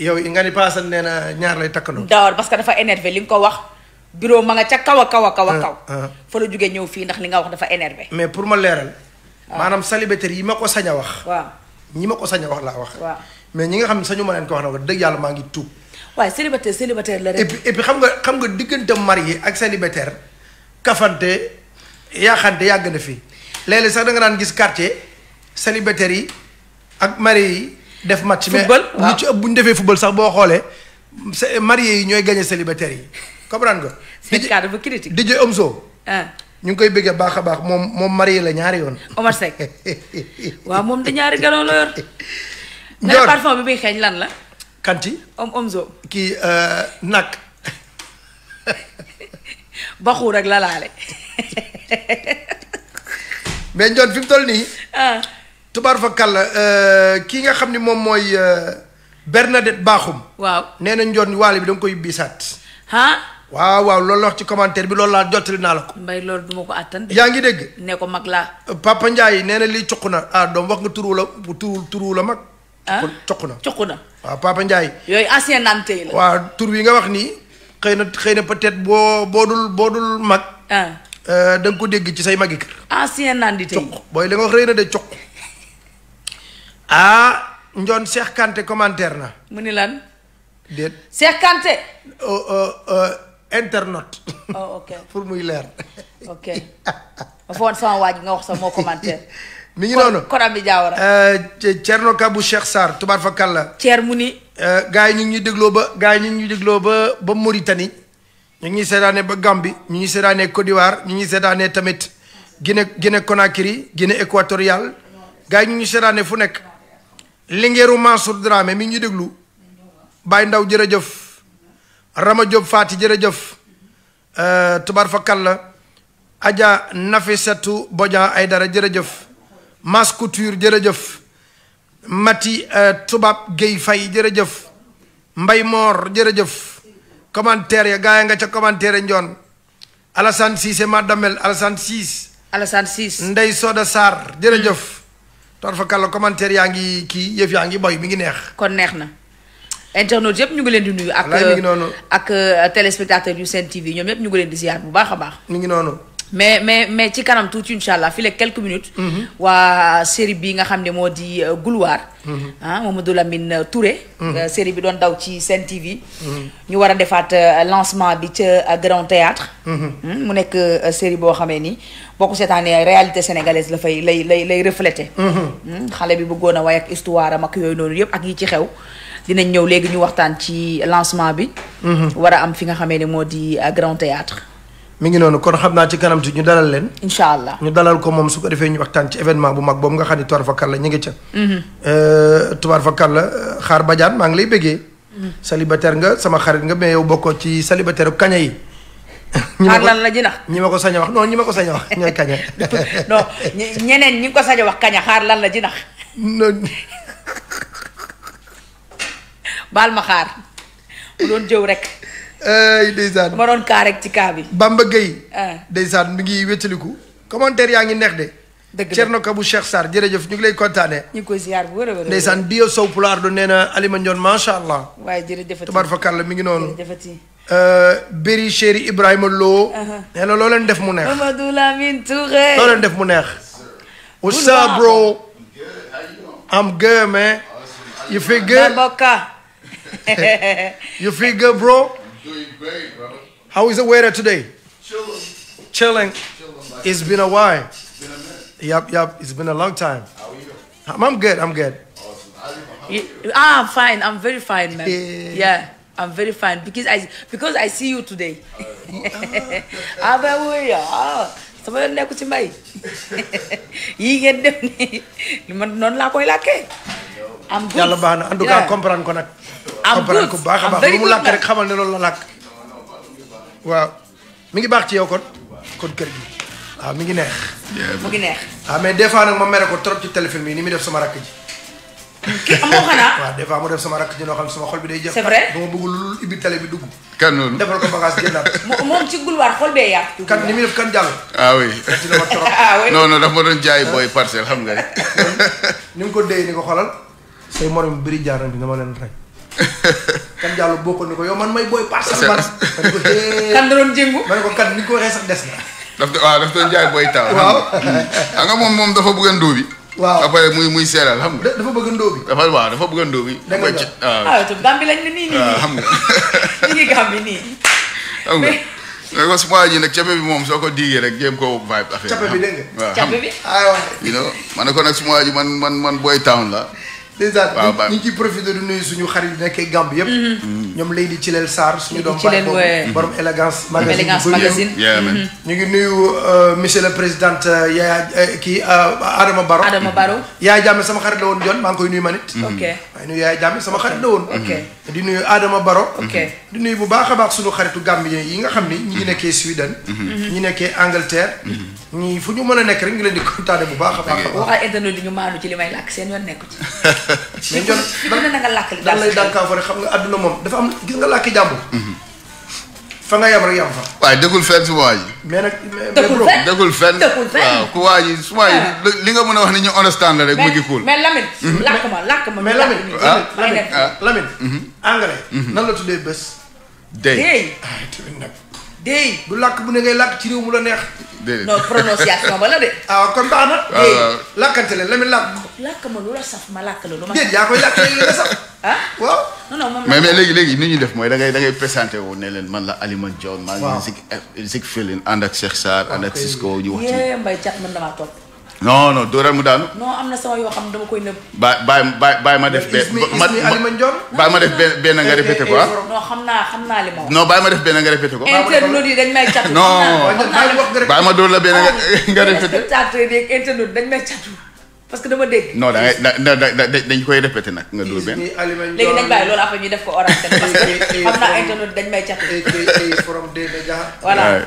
yow nga ni passal neena na ñaar lay takkano dawar parce que dafa énervé li ko wax bureau ma nga ca kaw a kaw kaw ah, kaw. Ah. fa la jógee ñew fi ndax li nga wax dafa énervé. mais pour ma léral manam ah. maanaam célibataire yi mako saña wax. wa ñi mako saña wax la wax. wa mais ñi nga xam sañu ma len ko wax na ko dëgg yàlla ngi tuup wa célibataire célibataire la rek. et puis et puis xam nga xam nga digënté marié ak célibataire kafante xanté yàgg na fi lélé sax da nga nan gis quartier célibataire yi ak marié yi. def match mais lu ah. ci ëpp bu ñu defee football sax boo xoolee marié yi ñooy gagné célibataire yi comprendre nga. c'est cadre critique DJ Omzo. Ah. ñu ngi koy bëggee baax a baax moom moom marié la ñaari yoon. Omar Seck waaw moom de ñaari galon la yor. nga ne parfum bi muy xeeñ lan la. kanti om Omzo. kii euh, nag. baxu rek la mais Ndiol fi toll nii. Ah. tubaar fa kàlla euh, kii nga xam ni moom mooy euh, Bernadette Bakhoum. waaw nee na njoon waale bi da nga koy biisaat. ah. waaw waaw loolu la wax ci commentaire bi loolu laa jottali naa la ko. mbay loolu du ma ko attan yaa ngi dégg. ne ko mag laa. papa Ndiaye nee na lii cuq na ah doom wax nga turu la turu turu la mag. ah cuq na cuq na. waaw papa Ndiaye. yooyu ancien nante yi la. tur wi nga wax nii. xëy na xëy na peut-être boo boo dul boo dul mag. Ah. Euh, da nga ko dégg ci say magi kër. ancien nandite yi cuq booy li nga wax rëy na de cuq. ah Njoon Cheikh Kanté commentaire na. mu ni lan. déet euh, euh, euh, internet oh ok pour muy leer. ok ma foog sama waa ji nga wax sax moo commentaire. mi ngi noonu kon Konami Diawara. Thierno Kabou Cheikh Sarr tubaar fa kàlla. Thier mu ni. gars yi ñu ngi ñu dégloo ba gars yi ñu ngi ñu dégloo ba ba Mauritanie. ñu ngi seetaanee ba Gambie ñu ngi seetaanee Côte d'Ivoire ñu ngi seetaanee tamit Guinée Guinée Conakry Guinée équatoriale gars yi ñu ngi seetaanee fu nekk. lingeeru Mansour Dramé mi ngi ñuy déglu Baye Ndaw jërëjëf Rama Diop Fati jërëjëf euh, tubar fa kàlla Adja Nafisatu ay dara jërëjëf Mas Couture jërëjëf Mati euh, Toubab Guèye fay jërëjëf Mbay Moor jërëjëf commentaire ya gaa ya nga ca commentaire njoon Alassane Cissé Madamel Alassane Cissé Alassane Cissé Ndey Soda Sarr jërëjëf tor fa kàlla commentaire yaa ngi kii yëf yaa ngi boy bi ngi neex. kon neex na internautes yëpp ñu ngi leen di nuyu. ak ak euh, téléspectateurs yu Sen TV ñoom yëpp ñu ngi leen di ziar bu baax a baax. mu ngi noonu. mais mais mais ci kanam tuuti incha allah fii quelques minutes. Mm-hmm. wa série bi nga xam ne moo di -hmm. ah Mamadou Lamine euh, Touré. Mm-hmm. Euh, série bi doon daw ci Sen TV. Mm-hmm. ñu wara défat defaat lancement bi ca Grand Théâtre hmm, mu nekk série bo xamé ni boo cette année réalité sénégalaise la fay lay lay lay reflété. Hmm, xale bi bëggoon a way ak histoire am ak yooyu noonu yëpp ak yi ci xew. dinañ ñëw légui ñu waxtaan ci lancement bi. war a am fi nga xamee ne moo Grand Théâtre mi ngi nonu kon xamna ci kanam ci ñu dalal len inshallah ñu dalal ko mom su ko defé ñu waxtan ci événement bu mag bo nga xani ni tubaar fakkal la ñi ngi mm-hmm. euh tuar fakkal la xaar badian ma ngi lay bëggé mm-hmm. célibataire nga sama xarit nga mais yow bokko ci célibataire kaña yi xaar lan la jinax ñi ma ko sañ wax non ñi ma ko sañ wax ñoy kaña non ñeneen ñi ko sañ wax kaña xaar lan la jinax non bal ma xaar doon jëw rek ay ndeysaan ma doon kaa rek ci kaa bi. Bamba Gueye. Ah. ndeysaan mi ngi wétaliku. commentaire yaa ngi neex de. dëgg la Thierno Kabou Cheikh Sarr jërëjëf ñu ngi lay kontaanee. ñu ngi koy ziar bu wér a wér. ndeysaan Dio Sow Pulaar do nee na Alima Ndione macha allah. waaye jërëjëfati tabarfakalla mi ngi noonu. Euh, Beri Chéri Ibrahima Lo. nee na loo leen def mu neex. Mamadou Lamine Touré. loo leen def mu neex. what's up bro. I'm good man. you feel good. you feel good bro. Doing great, brother. How is the weather today? Chilling. Chilling. Chilling it's been a while. It's been a minute. Yep, yep. It's been a long time. How are you? I'm good. I'm good. Awesome. You, ah, I'm fine. I'm very fine, man. Yeah. yeah. I'm very fine because I because I see you today. Hallelujah. Ah, sama yoon nekku ci mbay yii ngeen def ni man noonu laa koy làkkee am good yàlla baax na en tout cas ko nag. am good comprendre ko baax a baax lu mu làkk rek xamal ne loolu la làkk. waaw mi ngi baax ci yow kon kon kër gi waaw ah, mi ngi neex. mu ngi neex. ah mais des fois nag ma mere ko trop ci téléfilm yi ni muy def sama rakk ji. ki amoo xanaa. waaw des fois mu def sama rakk ji noo xam ne sama xol bi day jëm. c'est vrai bëgg lu ibbi tale bi dugg. kan noonu defal ko bagage génnaat. moom ci gulwaar xol bee kan ni muy def kan jàll. ah oui ah oui doon jaay booy parcelle xam nga ni. ni ko déy ni ko xolal. say morom bëri jaaram bi dama leen rek kan jàllu bokkoon niko yo man may boy parce que man ko kan da doon jengu man ko kan ni ko waxee sax dess na daf waaw daf doon jaay boy taw waaw xam nga mom moom dafa bëgg ndo bi waaw après muy muy séral xam nga dafa bëgg ndo bi dafa waaw dafa bëgg ndo bi da nga ah tu gambi lañ ni ni ni xam ah, nga ni gambi ni xam nga nga ko suma ji nag cape bi mom soko ko diigee rek jéem ko vibe affaire cape bi dégg nga cape bi aywa ah, you know ma ne ko nag suma ji man man man boy town la dèjà ñu ngi ciy profité nuyu suñu xarit yi nekkee Gàmbi yëpp mhm. Mhm. ñoom Leydi Cilel Sarr suñu doom baay boobu borom élégance mhm. magazine ñu ngi nuyu euh, monsieur le président euh, Yaya euh, kii Adama Baro Adama Baro Yaya jàmm sama xarit la woon joon maa ngi koy nuyu man it waaye nuyu yaay jàmm sama xarit la woon. di nuyu Adama Baro. di nuyu bu baax a baax sunu xaritu Gambien yi nga xam ni ñi ngi mhm. nekkee Sweden. Mhm. ñi nekkee Angleterre. Mhm. ñi fu ñu mën a nekk rek ngi leen di kontaane bu baax a baax. waxal internet di ñu maanu ci li may làkk seen yoon nekku ci. mais ñoom daan lay daan kaafare xam nga àdduna moom dafa am gis nga làkki jàmbur. fa nga yam rek yam fa. waaye mais nag mais dëggul fenn dëggul fenn waaw ku waa ji su ah. li nga mën a wax ni ñu understand la rek. mu ngi cool mais Lamine. Mhm. lakk ma lakk ma mais Lamine ah. Lamine Lamine. Mhm. Mhm. anglais. la tuddee bés. day ah tamit déy du làkk bu ne ngay làkk ci réew mu la neex. déedéet non prononciation ba la de. ah kon ah, làkkante leen la muy làkk. ma lu la saf ma làkk la lu ma. déet yaa koy làkk léegi la saf. ah waaw. léegi léegi ni ñuy def mooy dangay ngay da présenté wu ne leen man la Alioune Dione. waaw maa ngi zik zik fële ànd ak Cheikh Sarr ànd ak Cisco ñu wax yee Mbaye Thiat man damaa topp. non no dóoral mu daanu. non am na sama yoo xam ne dama koy nëb. ba bàyyi ma def. benn ma bàyyi ma def benn nga répété ko non xam naa xam naa li ma wax. non ma def benn nga répété ko. internautes yi dañ may catu. ma dóor la benn nga parce que dama dégg. non da ngay dañ koy répété nag nga dóor benn. léegi nañ bàyyi loolu après ñu def ko oral parce que dañ may catu. voilà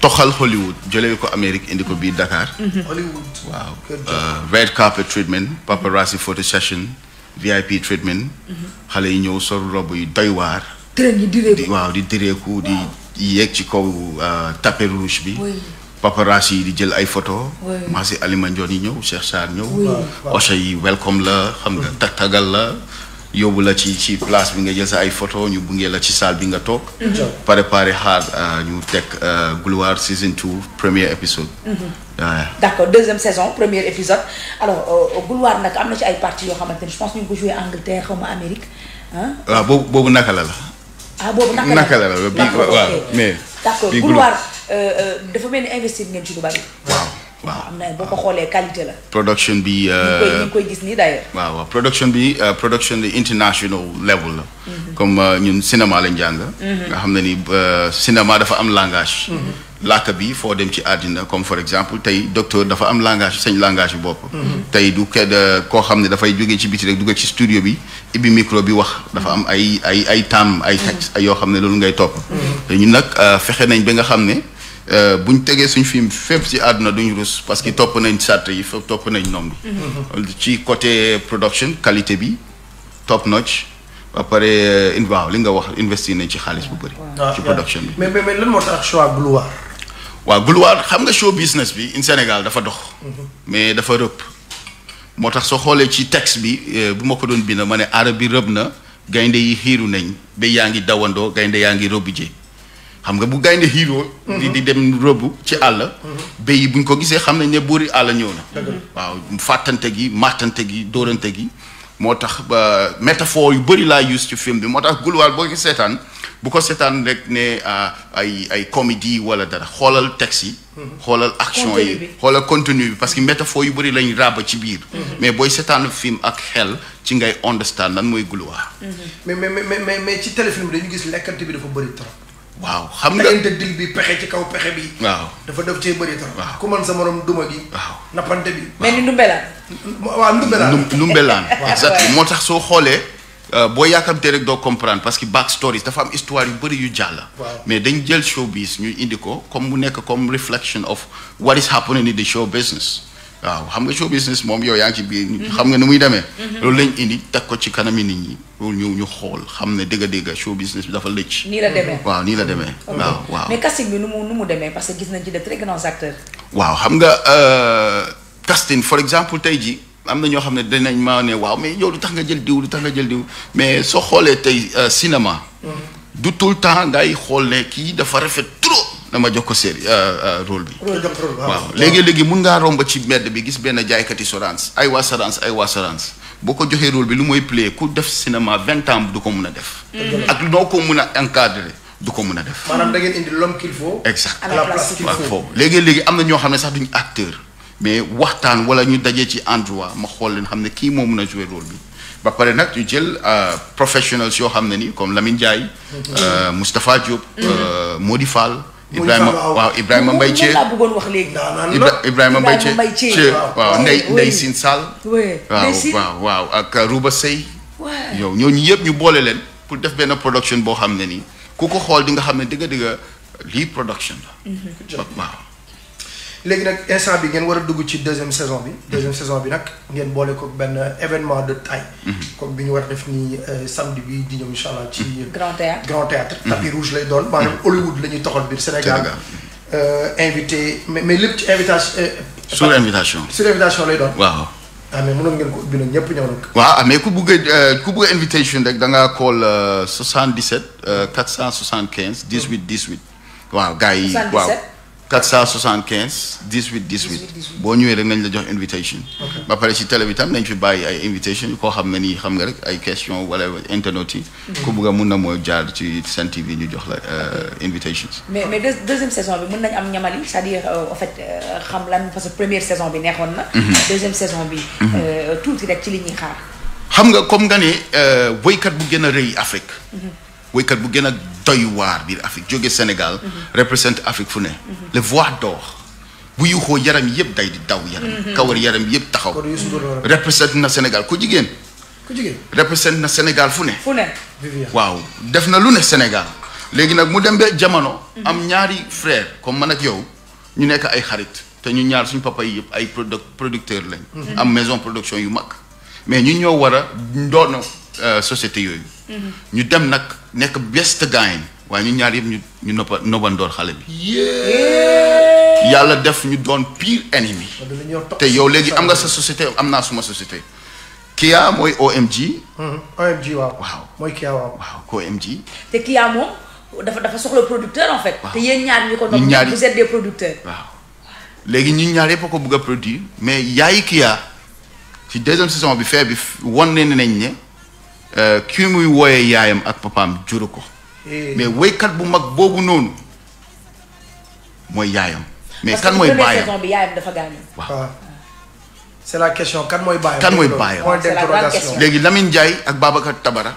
toxal Hollywood jëlee ko Amérique indi ko biir Dakar. Mhm. Hollywood waaw. Euh, red carpet treatment paparazzi mhm. photo session VIP treatment. Mhm. xale yi ñëw sol robe yu doy waaw di direeku di yéeg ci kaw euh, tapis rouge bi. paparazzi yi di jël ay photo maa si yi ñëw Cheikh Sarr ñëw. waaw yi welcome la xam nga mm. tagtagal la. yóbbu la ci ci place bi nga jël sa ay photo ñu bungee la ci salle bi nga tok mhm. préparer hard euh, ñu teg euh, Gloire season 2 premier épisode. Mhm. d'accord deuxième saison premier épisode alors euh, Gloire nag am na ci ay parties yo xamante je pense ñu ko jouer Angleterre xaw ma Amérique hein wa bobu boobu naka la la. ah bobu naka la naka la la bii waaw mais. d' accord euh dafa melni investir ngeen ci lu bari. waaw. waaw am ah, na boo xoolee qualité la. production bi. ñu ngi production bi euh, production de international level la. Mhm. comme euh, ñun cinéma lañ jàng. Mhm. nga xam ne ni euh, cinéma dafa am langage. Mhm. làkk bi foo dem ci àddina comme par exemple tey docteur dafa am langage seen langage bi bopp. tey du ked koo xam ne dafay jóge ci biti rek dugg ci studio bi ibbi micro bi wax. dafa am ay ay ay tam ay yoo xam ne loolu ngay topp. te ñun nag fexe nañ bi nga xam ne. Euh, bu ñu tegee suñu film fépp ci àdduna duñu rus parce que topp nañu sàtt yi fépp topp nañ nom mhm. ci côté production qualité bi top notch ba pare euh, waaw li nga wax investi nañ ci xaalis bu bëri. Ah, ci production bi. mais mais lan moo tax choix Gloire. xam nga show business bi in Sénégal dafa dox. Mhm. mais dafa rëpp. moo tax soo xoolee ci texte bi euh, bu ma ko doon bind ma ne arab bi rëb na gaynde yi xiiru nañ ba yaa ngi dawandoo gaynde yaa ngi rëbbi ji xam nga bu gaynde hiro di di dem rëbb ci àll béy yi buñ ko gisee xam nañ ne buuri àll ñëw na waaw fàttante gi màttante gi doorante gi moo tax ba métaphore yu bëri laa use ci film bi moo tax boo ko seetaan bu ko seetaan rek ne ah, ay ay comédie wala dara xoolal texte yi xoolal action yi xoolal contenu bi parce que métaphore yu bëri lañ ràbb ci biir mhm. mais booy seetaan film ak xel ci ngay understand lan mooy gulwaal mais mais mais mais ci téléfilm dañu gis lekkante bi dafa bëri trop waaw xam nga tegante dil bi pexe ci kaw pexe bi. waaw dafa def cee bëri tam. waaw ku man sa morom duma gi. waaw nappante bi. mel ni ndumbelaan. waaw ndumbelaan ndumbelaan. exactement moo tax soo xoolee. Euh, boo yaakamtee rek doo comprendre parce que back stories dafa am histoire yu bëri yu jàll. mais dañ jël showbiz ñu indi ko comme mu nekk comme reflection of what is happening in the show business. waaw xam nga show business moom yow yaa ngi ci biir. xam nga ni muy demee. Mm-hmm. loolu lañ indi teg ko ci kanami nit ñi. loolu ñëw ñu xool xam ne dëgg dëgg show business bi dafa lëcc. la demee waaw nii la demee. Mm-hmm. waaw waaw mais mu demee parce que gis nañ ci de très grands acteurs. Euh, exemple tey jii am na ñoo xam ne dinañ ma ne waaw mais yow lu tax nga jël diw lu tax nga jël diw mais soo xoolee tey euh, cinéma. Mm-hmm. du tout le temps ngay xool ne kii dafa rafet. dama jox ko série euh, euh, rôle bi. waaw léegi léegi mun ngaa romb ci mbedd bi gis benn jaaykati sorance ay waa sorance ay waa sorance boo ko joxee rôle bi lu mooy play ku def cinéma vingt ans du ko mun a def. Mm-hmm. ak noo ko mun a encadré du ko mun a def. da ngeen indi l'homme qu'il exact à la léegi léegi am na ñoo xam ne sax duñu acteur mais waxtaan wala ñu dajee ci endroit ma xool leen xam ne kii moo mun a jouer rôle bi. ba pare nag ñu jël euh, professionnels yoo xam ne ni comme Lamine Ndiaye. Mm-hmm. Moustapha Diop. Mm-hmm. Mody Fall. Ibrahima waaw Ibrahima Mbaye Thié laa bëggoon wax léegi. Ibrahima Mbaye Thié waaw Ndeye Ndeye Sine Sall. waaw waaw waaw ak Rouba Sey. yow ñooñu yëpp ñu boole leen pour def benn production boo xam ne nii ku ko xool di nga xam ne dëgg-dëgg lii production la. Mhm. léegi nag instant bi ngeen war a dugg ci deuxième saison bi. deuxième mhm. saison bi nag ngeen boole ko benn événement de taille. Mhm. comme bi ñu war a def nii euh, samedi bi di ñëw incha allah ci. Mhm. grand théâtre grand théâtre tapis rouge lay doon maanaam Hollywood la ñuy toxal biir Sénégal. Euh, invité mais mais lépp ci invitation. Euh, sur invitation sur invitation lay doon. waaw. ah mais mënoon ngeen ko ubbi nag ñëpp ñëw nag. waaw ah, mais ku bëgg ku bëgg invitation rek da nga call 77 475 18 18. waaw gars yi waaw. 475 18 18 boo ñëwee rek nañ la jox invitation. ba pare ci télé bi tam nañ fi bàyyi ay invitation koo xam ne nii xam nga rek ay question wala internet yi. Mm-hmm. ku bugg a mun na mooy jaar ci Sen TV ñu jox la euh, invitation. mais mais deuxième saison bi mën nañ am ñamali cest dire euh, en fait euh, xam lan première saison bi neexoon na. Mm-hmm. deuxième saison bi. Mm-hmm. tuuti rek ci li ñuy xaar. xam nga comme nga ne woykat bu gën a rëy Afrique. woykat bu gën a doy waar biir Afrique jóge Sénégal. Mhm. représente Afrique fu ne. Mhm. le voix d'or bu yuuxoo yaram yëpp day di daw yaram. Mhm. kawar yaram yëpp taxaw. représente na Sénégal ku jigéen. ku jigéen représente na Sénégal fu ne. fu ne waaw def na lu ne Sénégal. léegi nag mu dem ba jamono. am ñaari frère comme man ak yow ñu nekk ay xarit te ñu ñaar suñu papa yi yëpp ay producteur lañ. am maison production yu mag. mais ñu ñoo war a ndoona euh, société yooyu. ñu dem nag. nekk best gain waaye ñu ñaar yëpp ñu ñu noppa noppandoor xale bi. yàlla def ñu doon pire ennemi. Oh, te yow léegi am nga sa société am naa suma société. Kia mooy OMG. Mm-hmm. OMG waaw. waaw mooy Kia waaw. waaw OMG. te Kia moom dafa dafa soxla producteur en fait. te yéen ñaar ñu ko nopp. ñaar vous êtes des producteurs. waaw léegi ñun ñaar yëpp ko bëgg produit produire mais yaayi Kia ci deuxième saison bi fee bi won wan nañ ne. Euh, kii muy wooyee yaayam ak papaam juru ko eh. mais woykat bu mag boobu noonu mooy yaayam mais kan mooy baayam ah. la question kan mooy baayam mooy baayam léegi Lamine Ndiaye ak Babacar Tabara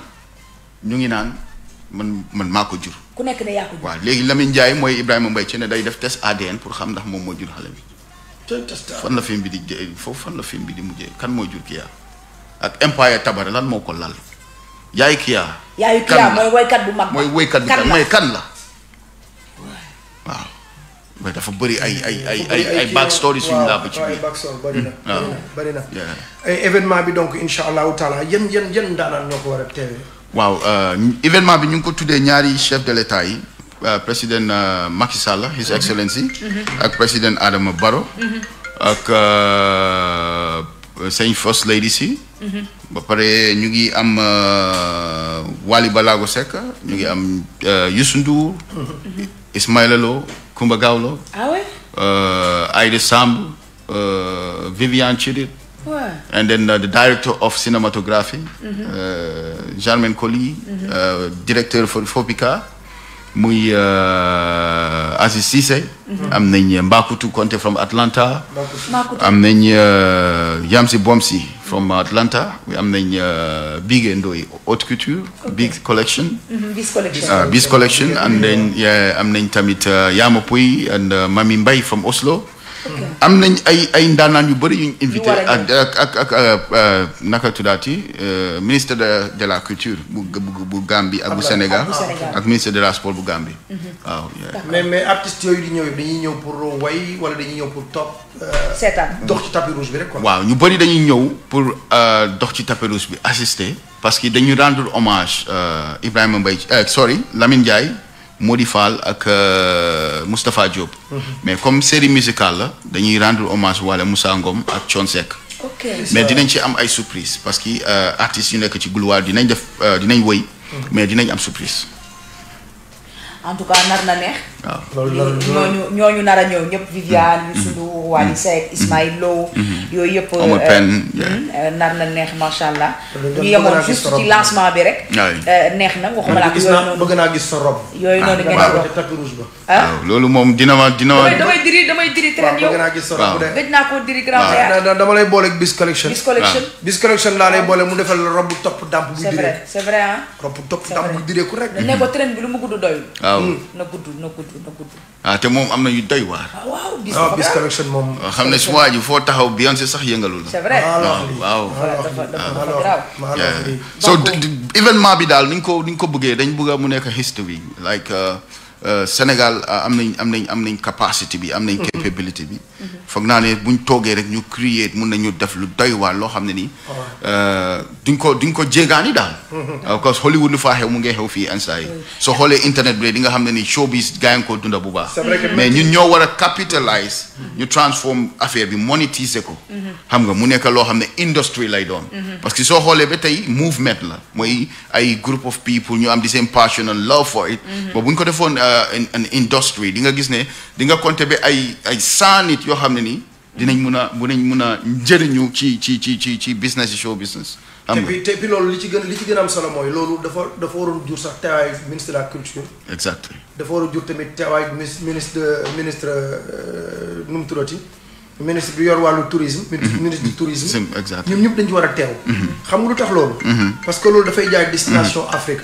ñu ngi naan man man maa ko jur ku nekk ne yaa léegi Lamine Ndiaye mooy Ibrahima Mbaye ci ne day def test ADN pour xam ndax moom moo jur xale bi fan la film bi di foofu fan la film bi di mujjee kan mooy jur ki yaa ak Empire Tabara lan moo ko lal yaayu Kya. yaayu mooy woykat bu mag. mooy woykat bi kan kan la. waaw mais dafa bëri ay ay ay ay ay back story laa ba ci biir bëri na hmm. bëri na ay événement bi donc incha allahu taala yan yan yan daanaan ñoo ko war a teewee. waaw euh, événement bi ñu ngi ko tuddee ñaari chef de l' état yi euh, président euh, Macky Sall his mm-hmm. excellency mm-hmm. ak président Adama Barrow mm-hmm. ak sëñ First Lady si. ba pare ñu ngi am euh, wali Balago Seck ñu ngi am euh, Youssou Ndour. Mhm. Ismaïla Kumba Gawlo. ah oui. Euh, Aïda vivian Viviane Chidid. And then uh, the director of cinematography, mm -hmm. uh, Germain Colli, mm -hmm. uh, director for Fopica. muy uh, Aziz Cissé mhm. am nañ uh, Mbakutu Konté from Atlanta am nañ uh, Yamsi Bomsi from Atlanta am nañ Big Endoy haute couture Big collection mhm, Big collection and ah, then am nañ tamit Yama puy and Mami Mbaye from Oslo am nañ ay ay ndaanaan yu bari yu invité ak ak ak euh, naka tuddaati euh, ministre de de la culture bu bu bu Gambie ak bu Sénégal ak ministre de la sport bu Gambie mhm. waaw mais mais artistes yooyu di ñëw dañuy ñëw pour way wala dañuy ñëw pour Top. Euh, seetaan dox ci tapis rouge bi rek quoi waaw ñu bari dañuy ñëw pour dox ci tapis rouge bi assister parce que dañuy rendre hommage Ibrahima Mbaye sorry Lamine Ndiaye Mody Fall ak euh, Moustapha Diop. Mhm. mais comme série musicale la dañuy rendre hommage wala Moussa Ngom ak Thione Seck. mais dinañ ci am ay surprise parce que euh, artistes yu nekk ci gulwaar dinañ def euh, dinañ woy mhm. mais dinañ am surprise. en tout cas nar na neex. waaw ah. loolu ñooñu ñooñu nar a ñëw ñëpp mm-hmm. Viviane. Mm-hmm. Youssou Ndour Wally mm-hmm. Seck Ismaïl yooyu yëpp. Euh, euh, nar na neex macha allah. ñu yemoon juste ci lancement bi rek. Euh, neex na waxuma la ak yooyu noonu bëgg naa gis sa yooyu noonu ah, ngeen di ah? loolu moom dina ma dina ma. damay diri damay diri traite yow. waaw bëgg gis sa robe de. gëj naa ko diri grand théâtre. dama lay boole bis collection. bis collection bis collection laa lay defal robe topp damp bu diree. c'est vrai c'est vrai topp damp bu diree ku rek. ne ko traite bi lu mu gudd doyul. waaw mm, na gudd na gudd na gudd. ah te moom am na yu doy waar. Ah, waaw bis ah, collection moom. Ah, xam ne su waa ji foo taxaw Beyoncé sax yëngalul. c'est vrai waaw waaw. so bi daal ni ñu ko ni ñu ko bëggee dañ bëgg mu nekk history like. Uh, Uh, Sénégal uh, am nañ am nañ am nañ capacity bi am nañ mm-hmm. capability bi mm-hmm. foog na ne buñ toge, rek ñu create mun nañu def lu doy waar Dinko, dinko ne nii uh, duñ ko duñ ko jéegaani daal parce mm-hmm. que Hollywood lu faa xew mu ngee xew fii internet bi di nga xam showbiz gaa ngi ko dunda bu baax mais ñun ñoo war capitalize ñu transform affaire bi monétiser ko xam nga mu nekk loo industry lay doon parce que so xoolee ba tey movement la mooy ay group of people ñu am the same passion and love for it But buñ ko Euh, an industry di nga gis ne di nga compter ba ay ay cent nit yoo xam ne nii dinañ mun a bu nañ mun a njëriñu ci ci ci ci ci business yi show business. am na te bi loolu li ci gën li ci gën am solo mooy loolu dafa dafa waroon jur sax teewaayu ministre de la culture. exactement dafa waroon jur tamit teewaayu ministre ministre euh, nu mu ministre bi yor wàllu tourisme. Mhm. ministre du tourisme. exactement ñoom ñëpp dañ war a teew. Mhm. xam nga tax loolu. Mhm. parce que loolu dafay jaay destination Afrique.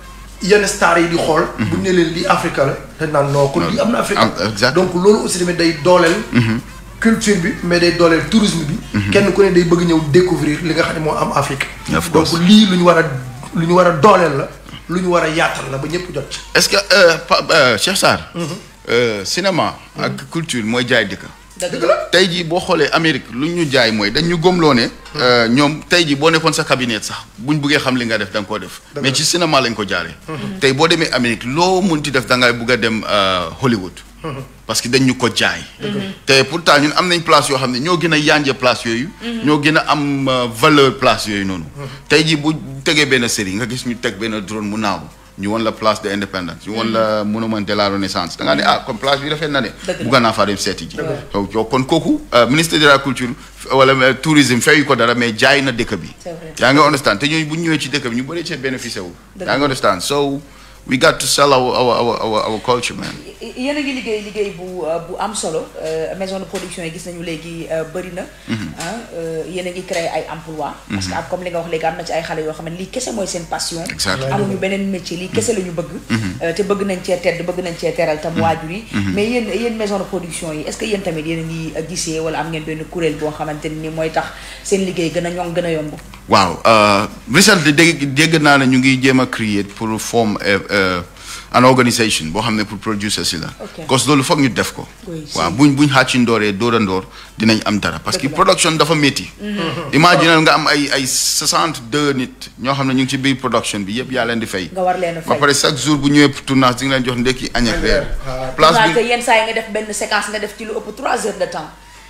yenn star yi di xool. Mhm. bu ñu ne leen lii Afrique la dañ naan non kon lii am na Afrique. donc loolu aussi tamit day dooleel. Mhm. culture bi mais day dooleel tourisme bi. Mhm. kenn ku ne day bëgg ñëw découvrir li nga xam ne moo am Afrique. donc lii lu ñu war a lu ñu war a dooleel la lu ñu war a yaatal la ba ñëpp jot est-ce que euh, euh, Cheikh Sarr. Euh, cinéma ak culture mooy jaay dëkk. dëgg tey jii boo xoolee Amérique lu ñu jaay mooy dañ ñu gomloo ne. Hmm. Euh, ñoom tey jii boo nekkoon sa cabinet sax bu ñu buggee xam li nga def da nga koo def. mais ci cinéma lañ ko jaaree. Hmm. Hmm. tey boo demee Amérique loo mun munti def da ngay bugg a dem euh, Hollywood. parce que dañu ñu ko jaay. te pour pourtant ñun am nañ place yoo xam ne ñoo gën a yànje place yooyu. ñoo gën a am euh, valeur place yooyu noonu. tey jii bu tegee benn série nga gis ñu teg benn drone mu naaw. ñu won la place de l'indépendance ñu won la hmm. monument de la renaissance da ne ah kon place bi rafet na de bugg naa faa seeti ji kon kooku euh, ministre de la culture wala euh, tourisme fayu ko dara mais jaay na dëkk bi yaa ngi understand te ñooñu bu ñu ci dëkk bi ñu bëree cee bénéficié wu yaa ngi understand so we got to sell our our our our culture liggéey liggéey bu euh, bu am solo euh, maison de production yi gis nañu léegi euh, bëri na. Mhm. Ah, yéen a ngi créé ay emploi mhm. parce que comme li nga wax léegi am na ci ay xale yoo xam ne lii kese mooy seen passion. amuñu beneen métier lii kese la ñu bëgg. Mhm. te bëgg nañ cee tedd bëgg nañ cee teral tam waajur yi. mais yéen yéen maison de production yi est-ce que yéen tamit yéen a ngi gisee wala am ngeen benn kuréel boo xamante ni mooy tax seen liggéey gën a ñoŋ gën a yomb. waaw euh, recently de dégg naa ne ñu ngi jéem a create pour form euh, euh, an organisation boo xam ne pour producer si la. parce que loolu foog ñu def ko. waaw buñ buñ xàcci ndooree door a ndoor dinañ am dara. parce que production dafa métti. Mm-hmm. imagine nga am ay ay soixante deux nit ñoo xam ne ñu ngi ci biir production bi yëpp yaa leen di fay. nga a fay pare chaque jour bu ñëwee tournage di nga leen jox ndekki añ ak place bi yenn saa yi nga def benn séquence nga def ci lu ëpp de temps.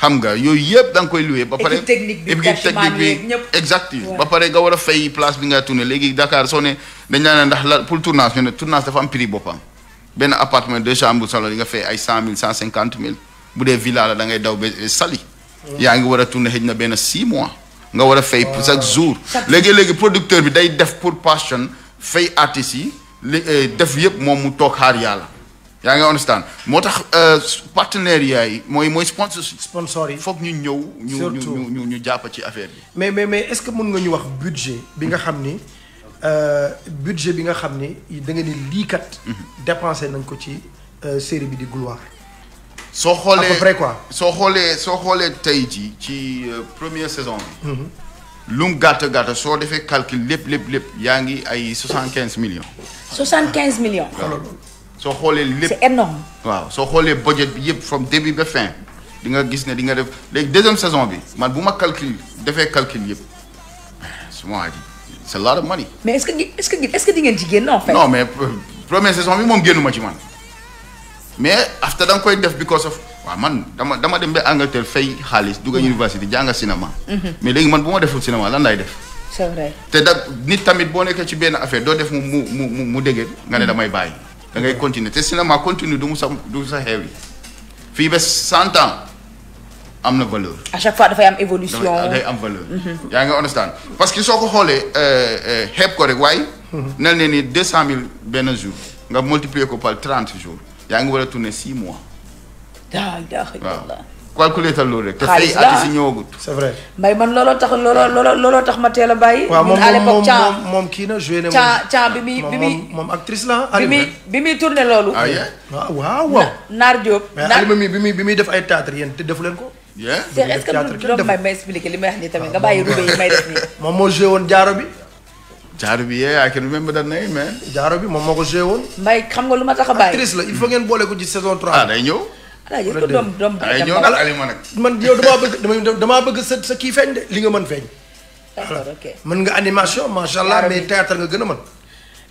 xam nga yooyu yëpp danga koy loué. ba pare équipe technique bi technique bi ba pare nga war a fay place bi nga tourné léegi Dakar soo ne dañ laa ne ndax la pour tournage ñu ne tournage dafa am prix boppam benn appartement deux chambres salon yi nga fay ay cent mill cent cinquante mille bu dee villa la da ngay daw ba sali. yaa ngi war a tourné xëj na benn six mois. nga war a fay chaque jour. léegi léegi producteur bi day def pour passion fay artistes yi li euh, def yëpp moom mu toog xaar yàlla. yaa nga understand moo tax euh, partenaires yaay mooy mooy sponsor sponsor yi foog ñu ñëw ñu ñu ñu jàpp ci affaire bi mais mais mais est-ce que mën nga ñu wax budget bi nga xam ni euh, budget bi nga xam ni da nga ni lii kat dépensé nañ ko ci euh, série bi di Gloire soo xoolee à peu près quoi soo xoolee soo xoolee tey jii ci première saison bi mhm. lu mu gàtt gàtt soo defee calcul lépp lépp lépp yaa ngi ay soixante quinze millions soixante quinze millions soo xoolee lépp c'est waaw soo xoolee budget bi yëpp from début ba fin di nga gis ne di nga def léegi deuxième saison bi man bu ma calcul defee calcule yëpp su ma c'est a lot a money. mais est-ce est est-ce ngeen ci génn en fait. non mais première saison bi moom génnuma ci man mais after da nga koy def because of waaw man dama dama dem ba Angleterre fay xaalis dugg mm-hmm. université jàng cinéma. Mm-hmm. mais léegi man bu ma deful cinéma lan lay def. c'est te da nit tamit boo nekkee ci benn affaire doo def mu mu mu mu dégg nga ne mm-hmm. damay bàyyi. da continuer continue sa sa Je fi à chaque fois Je am évolution am valeur. understand parce que sont Je euh, euh xeeb ko rek ni deux cent mille jour nga multiplier ko par jours ya nga tourner six mois. C'est tal rek. c'est vrai mbay man lolo tax lolo lolo tax ma teel a bàyyi. waaw moom qui moom na joué moi bi bi actrice bi bi tourné ah, ah waaw waaw. Naar Diop. mais Alima bi bi théâtre est ce que may ma expliquer ah, nga def joué I can remember that name man. joué xam nga alaaji est-ce que doom doom man yow damaa bëgg damaa bëgg sa sa kii feeñ de li nga mën feeñ. d'accord ok mën nga animation macha allah mais théâtre nga gën a mën.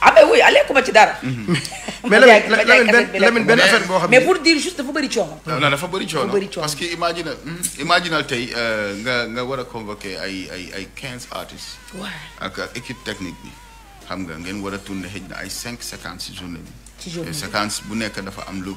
ah ben oui aleekuma ci mhm. mais Lamine benn Lamine benn boo xam ne mais pour dire juste dafa bëri coono. non dafa bëri coono parce que imagine hmm, imaginal tey euh, nga nga war a convoquer ay ay ay quinze artistes. ak équipe technique bi. xam nga ngeen war a tourner na ay cinq séquences ci journée bi. ci journée bu nekk dafa am lu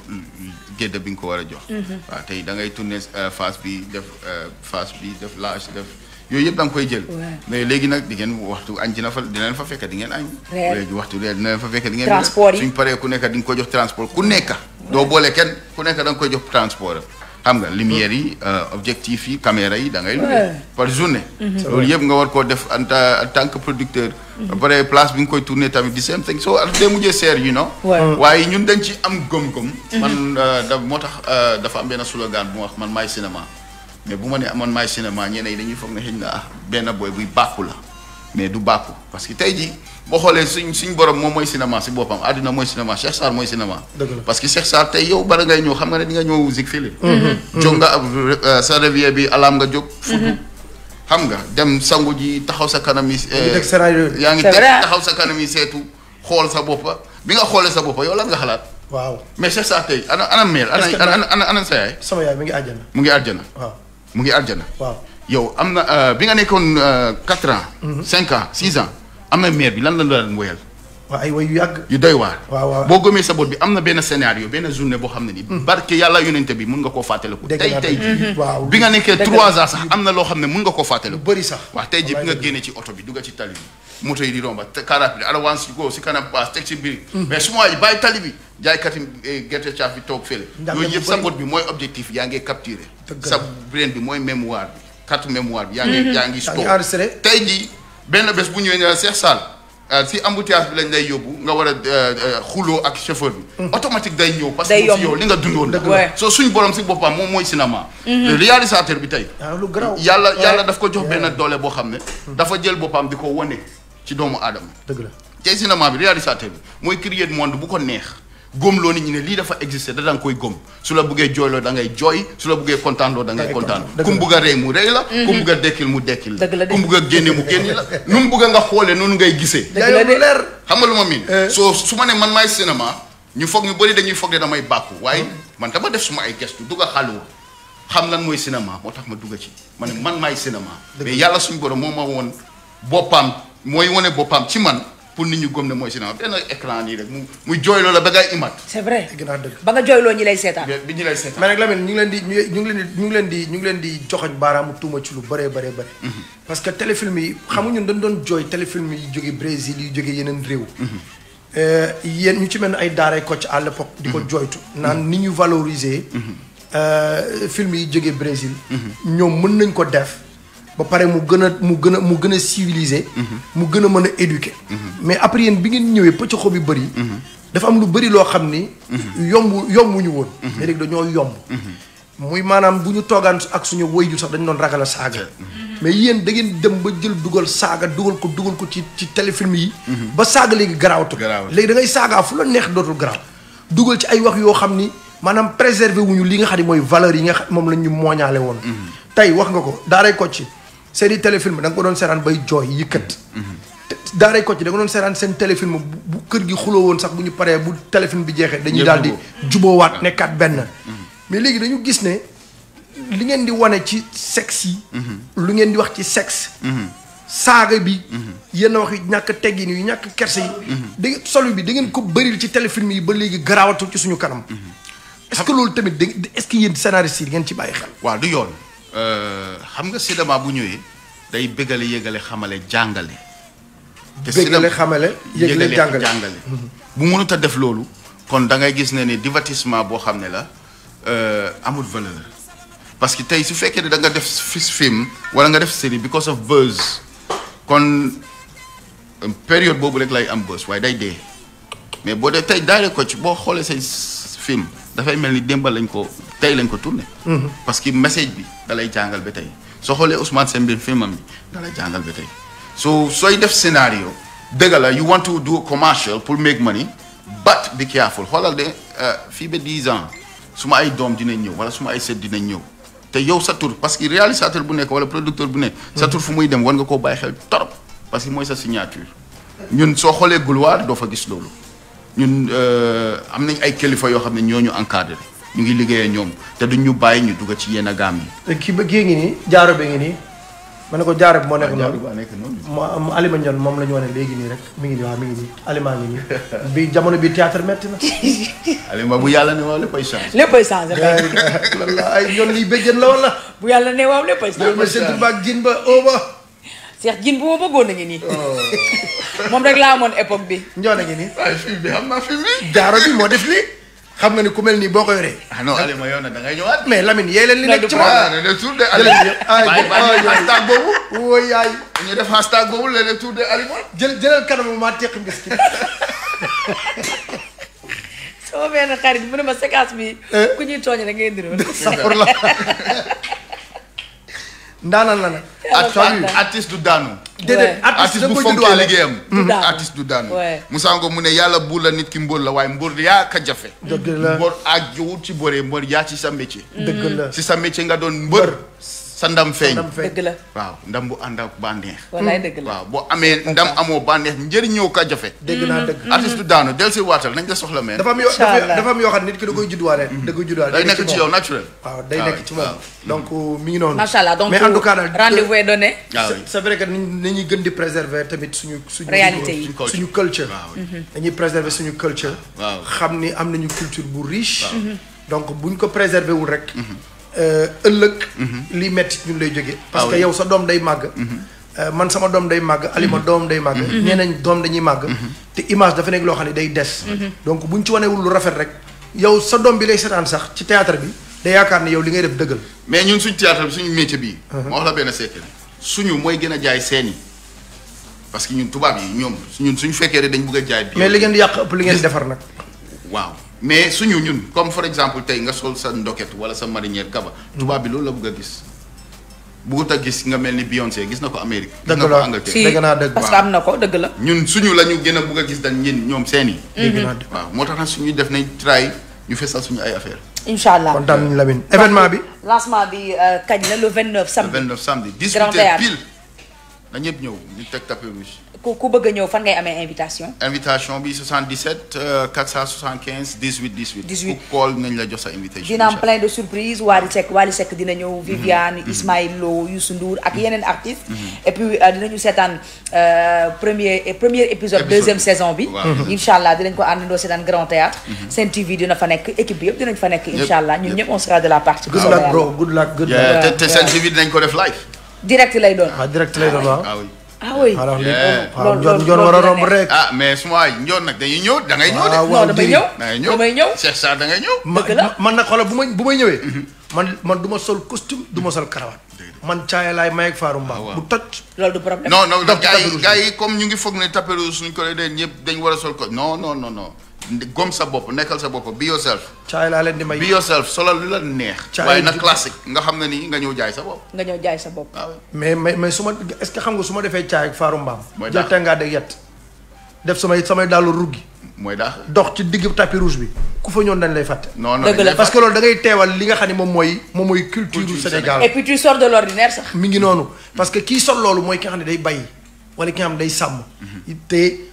gédda bi nga ko war a jox. Mhm. waaw tey da ngay tourner euh, face bi def euh, face bi def def. yooyu yëpp da koy jël mais léegi nag di ngeen waxtu añ dina fa di leen fa fekk di ngeen añ léegi waxtu reer dina leen fa fekk di ngeen transport yi suñ paree ku nekk di nga koy jox transport ku nekk doo boole kenn ku nekk da nga koy jox transport xam nga lumière yi uh, objectif yi caméra yi da ngay lu par journée loolu mhm. yëpp nga war koo def en tant que producteur mhm. après place bi nga koy tourner tamit di same thing soo dee mujjee seer you know mm. waaye ñun dañ ci am gom-gom mhm. man uh, da moo tax uh, dafa am benn slogan bu wax man maay cinéma mais buma ne amone may cinéma ñene yi dañuy fogné ne xëy na boy buy bàkku la mais du bàkku parce que tey jii boo xoolee suñ suñ borom moom moy cinéma ci bopam aduna moy cinéma Cheikh sar moy cinéma. parce que Cheikh sar tay yow bar ngay ñëw xam nga ni di nga ñëw Zik Philip. Mhm. Mhm. jóg nga euh, sa revier bi alam nga jog futu mhm. xam nga dem sangu ji taxaw sa kanam yi. ya ngi euh, taxaw sa kanam yi setu xol sa bopa bi nga xolé sa bopa yow lan nga xalat waaw mais Cheikh sar tay ana ana mel ana ana ana say sama yaay mi ngi aljana mu ngi aljana waaw. mu ngi aljana waaw yow am na euh, bi nga nekkoon euh, quatre ans. Mhm. cinq ans six ans am na maire bi lan la daan woyal. waaw ay way yu yàgg. doy waar. boo gëmee sa bopp bi am na benn scénario benn journée boo xam ne nii. Mhm. barke yàlla yonente bi mun nga koo fàttale dëgg tey tey jii bi nga nekkee trois ans sax am na loo xam ne mun nga koo fàttaliku. bëri sax waaw tey jii bi nga génnee ci oto bi dugg ci tali moto yi di romba te car rapide alawansi ko si kanam baas teg si mbiri mhm. mais suma yi bàyyi tali bi jaaykati e, gerte caaf bi toog fële yooyu sa bot bi mooy objectif yaa ngee capturer sa brain bi mooy mémoire bi carte mémoire bi yaa ngi mhm. yaa ngi store tey jii benn bés bu ñëwee ne la Cheikh Sall euh, si embouteillage bi lañ lay yóbbu nga war a euh, euh, xuloo ak chauffeur bi mhm. automatique day ñëw parce que si yow li nga dundoon la soo suñ borom si boppam moom mooy cinéma réalisateur bi tey ah, yàlla yàlla daf ko jox benn doole boo xam ne dafa jël boppam di ko wane ci doomu aadama. dëgg la ci cinéma bi réalisateur bi mooy créer monde bu ko neex góom loo nit ñi ne lii dafa existé da danga koy góom su la buggee jooyloo da ngay jooy su la buggee kontaan loo da ngay kontaan a rey mu rey la mhm. ku mu a dekkil mu dekkil la ku mu bugg a génne mu génne la nu mu bugg nga xoolee noonu ngay gisee leer xam nga lu ma miin euh. soo su ma ne man maay cinéma ñu foog ñu bëri dañuy foog ne damay bàkku waaye mm. man dama def suma ay gestu dugg a xàlluwa xam lan mooy cinéma moo tax ma dugg ci man maay cinéma mais yàlla suñu borom moo ma woon boppam mooy wane boppam ci man pour nit ñu gëm ne mooy cinéma benn écran nii rek mu muy jooyloo la ba ngay imat. c'est vrai ba nga jooyloo ñi lay seetaan. bi ñi lay seetaan mais nag Lamine ñu ngi leen di ñu ngi leen di ñu ngi leen di ñu ngi leen di joxoñ baaraamu tuuma ci lu bëree bëree bëri. Mhm. parce que téléfilm yi xamuñu dañ doon jooy téléfilm yi jóge Brésil yi jóge yeneen réew. Mhm. Euh, yéen ñu ci mel ne ay daaray Kocc à l'époque di ko mhm. jooytu naan ni ñu valoriser. Euh, film yi jóge Brésil. ñoom mën nañ ko def. ba pare mu gën a mu gën a mu gën a civilisé. Mhm. mu gën a mën a éduqué. Mhm. mais après yéen bi ngeen ñëwee pëcc xob yu bëri. Mhm. dafa am lu bari loo xam ni. yomb yombuñu woon. mais léegi dañoo yomb. muy maanaam bu ñu toogaan ak suñu wayju sax dañ doon ragal a saaga. mais yéen dangeen dem ba jël dugal saaga dugal ko dugal ko ci ci téléfilm yi. ba saaga léegi garaawatul. léegi dangay saaga saagaa fu la neex dootul garaaw. dugal ci ay wax yoo xam ni maanaam préserver wuñu li nga xam ne mooy valeur yi nga xam moom la ñu mooñaale woon. tey wax nga ko daaray Kocc série téléfilm da nga ko doon seeraan bay jooy yëkkat mhm. daaray Kocc da nga doon seeraan seen téléfilm bu kër gi xuloo woon sax bu ñu paree bu téléfilm bi jeexee dañuy daal di juboowaat ah. nekkaat benn mhm. mais léegi dañu gis ne li ngeen di wane ci sexe yi mhm. lu ngeen di wax ci sexe saaga bi yenn wax yu ñàkk teggin yu ñàkk kerse yi da ngeen solo bi da ngeen ko bëril ci téléfilm yi ba léegi garaawatu ci suñu kanam est loolu tamit est-ce que yéen scénariste yi ngeen ci bàyyi xel waaw du yoon Euh, xam nga cinéma bu ñëwee day bëggale yëgale xamale jàngale. te bëggale xamale yëgale jàngale bu mënut a def loolu kon da ngay gis ne ni divertissement boo xam ne la euh, amut valeur parce que tey su fekkee ne da nga def fis film wala nga def série because of buzz kon euh, période boobu rek lay am buzz waaye day dee mais boo dee tey daare ko ci boo xoolee say film dafay mel ni démbal lañ ko tey lañ ko tourné. Mhm. parce que message bi da lay jàngal ba tey soo xoolee Ousmane Sembène filmam bi da lay jàngal ba tey soo sooy def scénario dëgg la you want to do commercial pour make money but be careful xoolal de euh, fii ba 10 ans su ma ay doom dinañ ñëw wala su ma ay sët dinañ ñëw te yow sa tur parce que réalisateur bu nekk wala producteur bu nekk. sa mhm. fu muy dem war nga koo bàyyi xel torop parce que mooy sa signature. ñun soo xoolee Goulouard doo fa gis loolu ñun euh, am nañ ay kilifa yoo xam ne ñoo ñu encadré. ñu ngi liggéeyee ñoom te du ñu bàyyi ñu dugg ci yenn gaam yi. kii ba kii ngi nii jaaro bi ngi nii ma ne ko jaaro bi moo nekk ah, noonu mu Alima Ndione moom la ñu wane léegi nii rek mi ngi nii waaw mi ngi nii Alima ngi nii jamono bi théâtre métti na. Alima bu yàlla ne waaw léppay changé. léppay changé ay yoon lii béjjën la wala. bu yàlla ne waaw léppay changé. yoon ma sëñ ba ak jin ba oo a ngi nii. Oh. rek laa moon époque bi. Ndione ngi nii. waaye film bi jaaro bi moo def lii xam nga ni ku mel nii boo ko yoree. ah non Aliou ma yow nag mais Lamine leen li nekk ci moom. ah ne leen tour de Aliou. ay ay hashtag boobu. wóo yaay. ñu def hashtag boobu leen leen tour de Aliou. jël xarit mu ne ma séquence bi. Eh? ku ñuy tooñ rek ngay indiroon. safur la. ndaanaan la nag. artiste du daanu. déedéet artiste bu fonkee liggéeyam. Mm-hmm. artiste du daanu. Moussa Ngom mu ne yàlla buur la nit ki mbóor la waaye mbóor yaa ka jafe. dëgg ak jowut ci booree mbóor yaa ci sa métier. dëgg la ci sa métier nga doon mbër. sa ndam feeñ dëgg la waaw ndam bu ànd ak bànneex waaw boo amee ndam amoo bànneex njëriñoo ka jafe dëgg naa dëgg mm-hmm. artiste du daanu del si waatal nañ soxla meen dafa am yoo dafa am yoo xam ne nit da koy juddwaale mm-hmm. da koy juddwaale day nekk ci yow naturel waaw day nekk ci moom donc euh, mi ngi noonu macha allah donc mais en tout cas daal rendez-vous est donné c'est ah vrai que nañuy gën di préserver tamit suñu suñu réalité yi suñu culture dañuy mm-hmm. préserver suñu culture waaw xam ni am nañu culture bu riche donc buñ ko préserver wul rek Euh, ëllëg. lii metti ñu lay jóge ah parce que yow sa doom day màgg. Mhm. Euh, man sama doom day màgg alima mhm. doom day màgg. Mhm. nee nañ doom dañuy màgg. te image dafa nekk loo xam ne day des. donc buñ ci wanewul lu rafet rek. yow sa doom bi lay seetaan sax ci théâtre bi. da yaakaar ne yow li ngay def dëggal. mais ñun suñ théâtre bi suñu métier bii. Uh-huh. ma wax la benn secret suñu mooy gën a jaay seen yi parce que ñun tubaab yi ñoom ñun suñu fekkee dañ bëgg a jaay. mais li ngeen di yàq ëpp li ngeen defar nag. mais suñu ñun comme par exemple tey nga sol sa ndoket wala sa marinière kaba. Mm. tubaab bi loolu la bëgg a gis. bëggut a gis nga mel ni Beyoncé gis na ko Amérique. gis na ko Angleterre dëgg la parce que am na ko dëgg la. ñun suñu la ñu gën a bëgg a gis dañ ñun ñoom seen yi. waaw moo tax su ñu def nañ try ñu fesal suñu ay affaire incha allah kontaan nañu Lamine événement bi. lancement bi euh, kañ la le 29 samedi. samedi 18 pile. na ñëpp ñëw ñu teg tapis rouge. ku ku bëgg a fan ngay invitation. invitation bi 77 475 18 18. 18 call nañ la jox sa invitation. dina am plein de surprises Wally Seck Wally Seck dina ñëw. Mhm. Viviane mhm. Ismaël Lo Youssou Ndour ak mhm. yeneen artistes. et puis euh, dinañu seetaan euh, premier premier épisode deuxième saison bi. Inshallah, incha allah dinañ ko àndandoo seetaan Grand Théâtre Sen TV dina fa nekk équipe bi yëpp dinañ fa nekk. incha ñun ñëpp on sera de la partie. good luck bro good luck good luck. te Sen TV dinañ ko def live. direct lay doon. ah direct lay doon waaw. ah oui alors ah ah, eh. li loolu njoon war a romb rek. ah mais su ma njoon nag dañuy ñëw da ngay ñëw de. Ah, waaw damay ñëw damay ñëw Cheikh Sarr da ngay ñëw. man na xoolal bu ma bu may ñëwee. Mhm. man man du ma sol costume du ma sol karawaat. man caaya laay may ak faaru mbaa bu toj. loolu du problème non non gars yi gars comme ñu ngi foog ne tapé rouge suñ ko ñëpp dañ war sol ko non non non gom sa bopp nekkal sa bopp be yourself. caay laa leen di may be yourself solal lu la neex. caay waaye nag classique nga xam ne nii nga ñëw jaay sa bopp. nga ñëw jaay sa bopp. Ah. mais mais mais su ma est ce xam nga su ma defee caay ak faaru mbaam. mooy daax jël tàngaat ak yet def samay samay dàllu ruggi. mooy daax dox ci digg tapis rouge bi ku fa ñoon dañ lay fàtte. non non parce que loolu da ngay teewal li nga xam ne moom mooy. moom mooy culture Sénégal et puis tu sors de l'ordinaire sax. mi ngi noonu parce que kii sol loolu mooy ki nga xam ne day bay wala mhm. te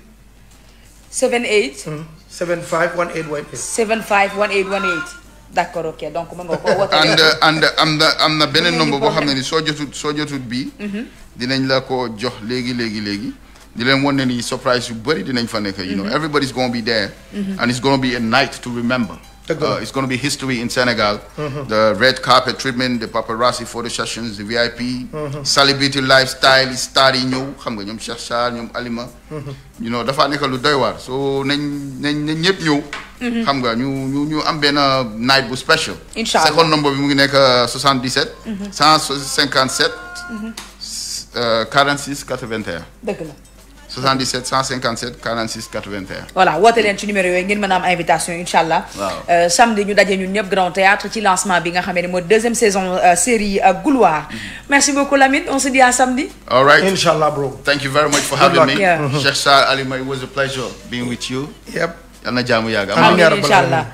seven eight. Hmm. seven five one eight one eight. seven five ok donc mën nga koo woote. and uh, and am na am na beneen nombre boo xam ne ni soo jotut soo jotut bii. Mhm. dinañ la ko jox léegi léegi léegi. di leen wan ne ni surprise yu bëri dinañ fa you know mhm. everybody's gonna be there. Mhm. and it's gonna be a night to remember. Uh, it's going to be history in Senegal. Mm -hmm. The red carpet treatment, the paparazzi photo sessions, the VIP, mm -hmm. celebrity lifestyle, star yi ñëw xam nga ñoom Cheikh Sarr Alima. Mm-hmm. you know dafa nekk lu doy waar so nañ nañ nañ ñëpp ñëw. Mm-hmm. xam nga ñu ñu ñu am benn uh, night bu special. incha second number bi mu ngi nekk 77. 157. 46 81. dëgg la. 77 157 46 81. voilà woote tu ci numéro yooyu ngeen vous am invitation inshallah euh samedi ñu dajé ñun un grand théâtre ci lancement bi nga xam mo deuxième saison euh, série euh, Gouloir. Mhm. merci beaucoup Lamine on se dit à samedi. all right inshallah bro. thank you very much for having me. Cheikh Sarr Ali it was a pleasure being with you. yep. yal na jaamu yàgg amiin incha allah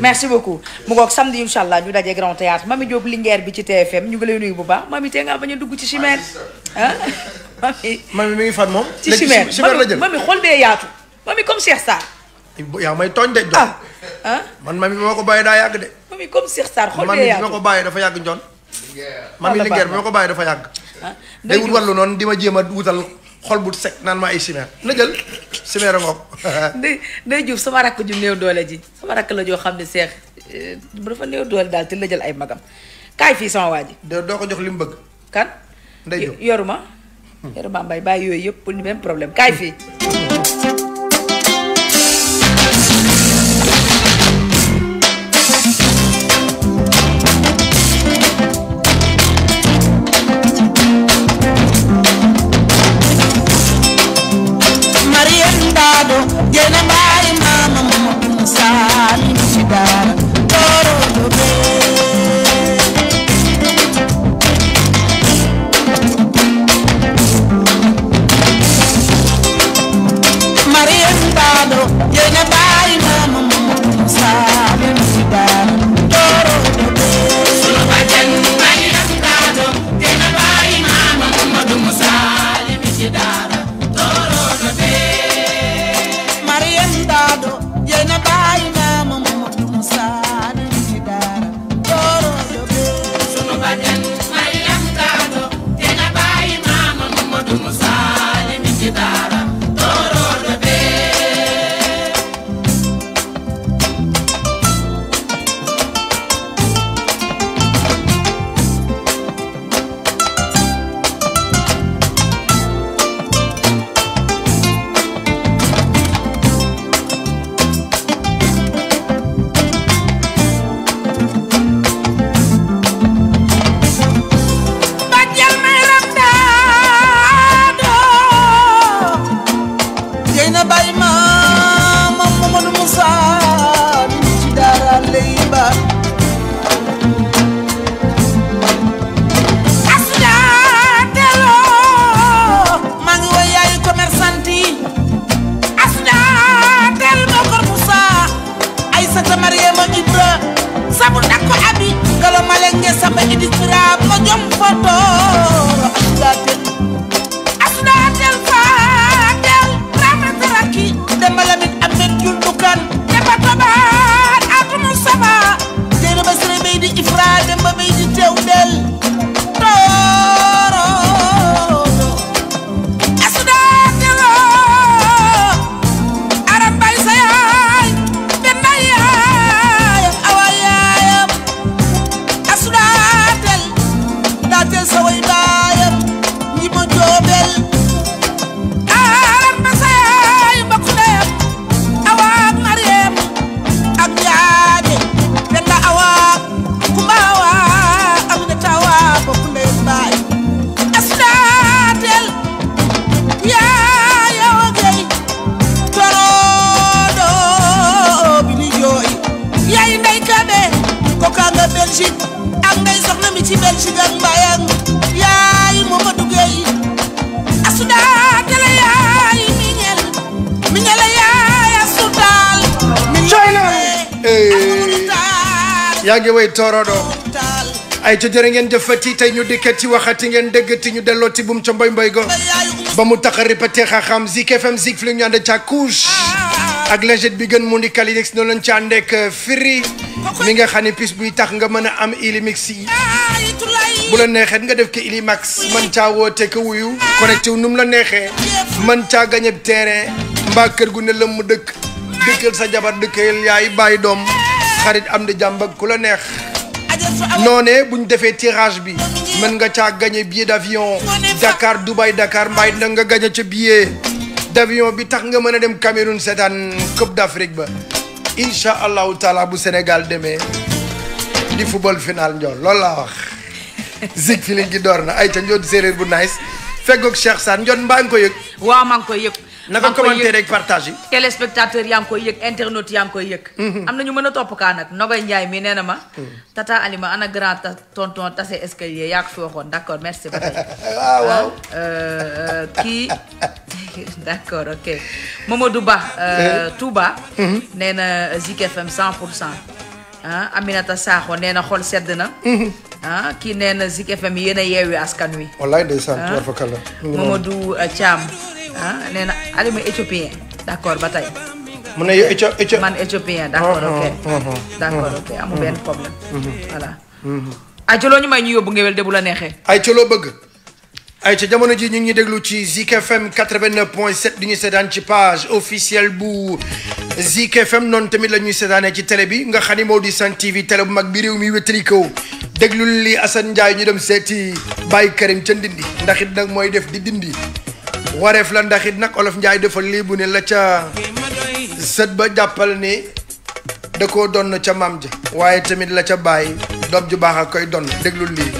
merci beaucoup mu ngoog samedi incha allah ñu daje grand théâtre mami Diop Linguère bi ci TFM ñu ngi lay nuyu bu baax mami tee ngaa bañ a dugg ci chimère ah, mami mami mi ngi fan moom ci chimère la jël mami xol bee yaatu mami comme Cheikh Sarr may tooñ de jon ah, ah man mami bi ma ko bàyyi daa yàgg de mami comme Cheikh Sarr xol bee yaatu mami bi ma ko bàyyi dafa yàgg njon mami Linguère bi ma ko bàyyi dafa yàgg ah, day wut wàllu noonu di ma jéem a wutal xol bu sec naan ma ay simeer na jël simeer a ngoog. ndey ndey Diouf sama rakk ju néew doole ji sama rakk la joo xam ne seex bu eh, dafa néew doole daal te la jël ay magam kaay fii sama waa ji. doo ko jox li mu bëgg. kan. ndey Diouf yoruma. Hmm. yoruma mbay baay yooyu yëpp pour ñu problème kaay fii. Hmm. ay ca ngeen ngeen jëfati tey ñu dikkati waxati ngeen déggati ñu ti bum ca mboy mboy go ba mu taxaripate xaxam Zik FM Zik Flu ñu ànd ca couche ak légit bi gën mu ndi Kalidix noonu lañ ci àndeek euh, firi mi nga xani pis buy tax nga mën a am ilimix yi bu la neexee nga def ke ilimax man caa woote ko wuyu connecté num la neexee man caa gañeb terrain mba kër gu ne lëmm dëkk dëkkal sa jabar dëkkal yaay bàyyi doom xarit am di jàmb ku la neex noonee bu ñu defee tirage bi mën nga ca gagné billet d' avion Dakar Dubai Dakar mbaay nga gagné ca billet d' bi tax nga mën a dem Cameroun seetaan Coupe d' Afrique ba incha taala bu Sénégal demee di football final Ndiol loolu laa wax. Zik fi leen gi door na ay ca njoon séeréer bu nice feggoog Cheikh Sarr njoon mbaa nga ko yëg. waaw maa ngi koy na ko commenter rek partage yi téléspectateur yaa ngi koy yëg internautes yaa ngi koy yëg mhm. am na ñu mën a topp kaa nag Nogoy Ndiaye mi nee na ma mhm. tata Alima ana grand tonton tase escalier yaa ko fi waxoon d'accord merci beaucoup waaw euh, euh, Ba euh, eh. Touba mhm. nee na Zik FM 100 pour cent ah Aminata Sakho nee na xol sedd na ah, kii nee na Zik FM yéen a yeewi askan wi wallaay ndeysaan ah. tubaar ah nee na Alima éthiopien accord ba tey. mu ne yow éthiopien man d' accord oh, oh, ok. Oh, d' accord mm-hmm. ok amul benn problème. Mm-hmm. voilà. Mm-hmm. ay ca loo ñu may ñu yóbbu ngewel de bu la neexee. ay ca loo bëgg. ay jamono ji ñu ngi déglu ci Zik FM 89.7 di ñu seetaan ci page officielle bu Zik FM noonu tamit la ñuy seetaanee ci télé bi nga xam ni moo di Sen TV télé bu mag bi réew mi wétali ko déglu li Assane Ndiaye ñu dem seeti Baye Karim ca Ndindi ndax it nag mooy def di Dindi. wareef la ndax it nag olof njaay defal lii bu ne la ca sët ba jàppal ni da koo donn ca maam ja waaye tamit la ca bàyyi doom ju baax a koy donn déglul lii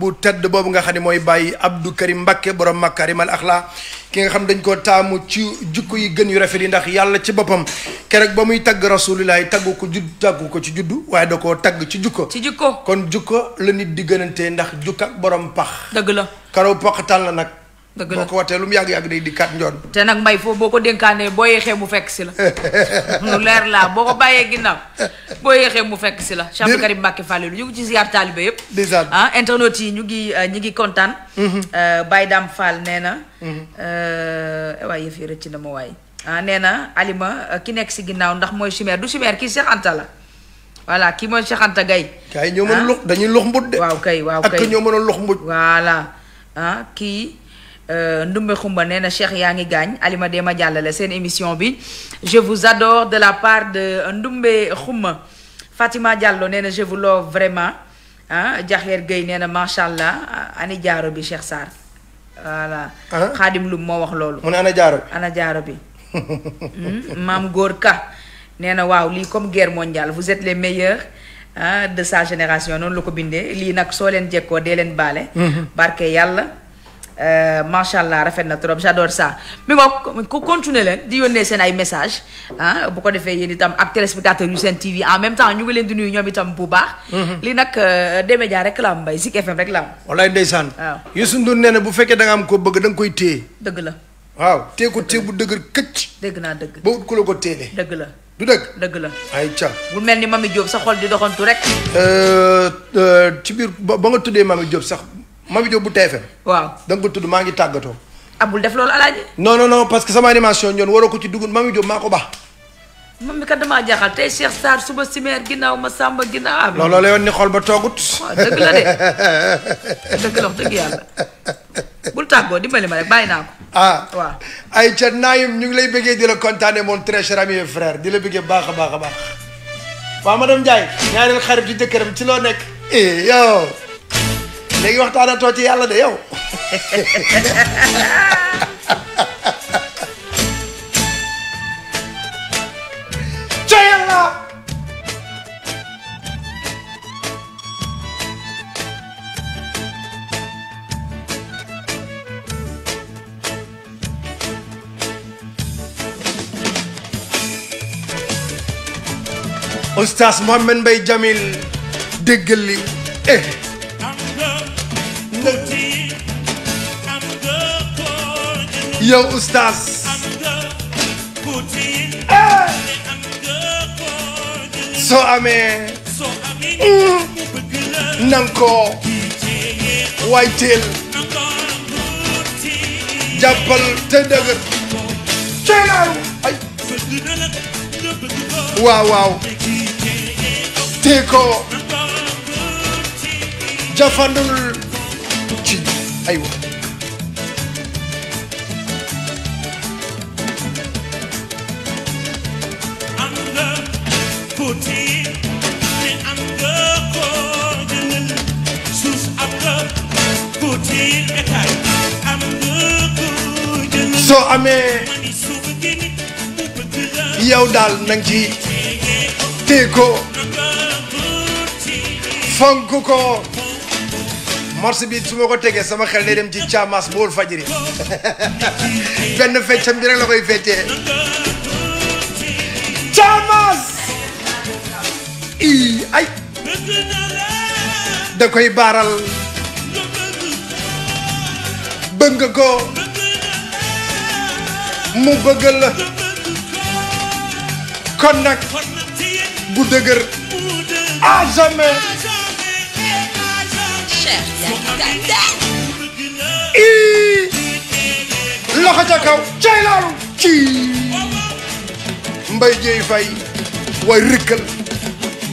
bu tedd boobu nga xam ne mooy bàyyi Abdou Karim Mbakke borom Makarimal Axlaa ki nga xam dañ koo taamu ci jukk yi gën yu rafet yi ndax yàlla ci boppam keroog ba muy tagg rasulillahi taggu ko judd taggu ko ci juddu waaye da koo tagg ci jukko ci jukko kon jukko la nit di gënante ndax jukka ak borom pax dëgg la karaw poqataan la nag dëgg la boo ko lu mu yàgg-yàgg day di kat njoon te nag mbay foofu boo ko dénkaanee boo yéexee mu fekk si la lu leer laa boo ko bàyyee ginnaaw boo yéexee mu fekk si la Cheikh Karim Mbacké Fallilu ñu ngi ci ziar yëpp dèjà ah internautes ñu ngi euh, ñu ngi kontaan mm-hmm. euh, Baye Dame Fall nee na mm-hmm. euh, eh waay yëf yi rëcc na ma waay ah nee na Alima ki nekk si ginnaaw ndax mooy chimère du chimère kii Cheikh Anta la voilà kii mooy Cheikh Anta Gaye kay ñoo mën a ah. lux dañuy lux mbut de waaw kay waaw kay ñoo mën a lux mbut voilà ah kii Euh, Ndumbe Khumba nee Cheikh yaa ngi gaañ Alima Dema jàllale émission bi je vous adore de la part de Ndumbe Khumba Fatima Diallo nee je vous love vraiment ah Diakher Gueye nena machallah ani ah, jaaro bi Cheikh sar voilà. Ah. khadim lou mo wax loolu. mon ana jaaro ana jaaro bi. Hmm? maam gorka nena waaw comme guerre mondiale vous êtes les meilleurs. Ah, de sa génération Non, lou ko bindee li nak so len djeko dee len balé hmm. barké yalla euh, macha allah rafet na trop j'adore ça mi ngoog ko continuer len di yone sen ay message hein bu ko defee yéen itam ak téléspectateur yu seen TV en même temps ñu ngi len di nuyu ñom itam bu baax. Mhm. li nak euh, D-Media rek la am mbay FM rek la am. walaay ndeysaan. waaw Youssou bu féké da nga am ko bëgg da nga koy téye. deug la. waaw téye ko téye bu deugër kecc deug na deug bu ko ku la ko téye. dëgg la. du deug deug la ay tia bu melni ni Mami Diop sa xol di doxantu rek. euh, euh ci bir ba nga tuddee Mami Diop sax. Mamy Diop bu TFM. waaw da ko tudd maa ngi tàggatoo. abul def loolu alaaji. non non non parce que sama animation ñoon waroo ko ci dugg Mamy Diop maa ko baax. moom mi kat damaa tey Cheikh Sarr suba simeer ginnaaw ma Samba ginnaaw. am ah, looloo la yoon ni xol ba toogut. waaw dëgg la de dëgg la wax dëgg yàlla bul tàggoo dimbali ma rek bàyyi naa ko. ah waaw. ay naa naayum ñu ngi lay bëggee di la kontaanee mon très cher ami et frère di la bëggee baax a baax a baax. waaw ma Ndiaye. ñaareel xarit ci jëkkëram léegi waxtaana too ci yàlla de yow ca yàlla Oustaz Mohamed Mbaye Jamil déggal li eh Yo Ustaz. Ah. So amee. Mm. Nanko. tail. jàppal te dëgër. ceelaaru wow. waaw waaw. jafandul ci soo amee yow daal na ci téye ko fonk ko bi su ma ko tegee sama xel day dem ci caamaas bu wóor fajiri benn feccam bi rek la koy feccee ii ay da koy baaral mu bëgg la bu dëgër à jamais loxo ca kaw cay mbay jéy way rëkkal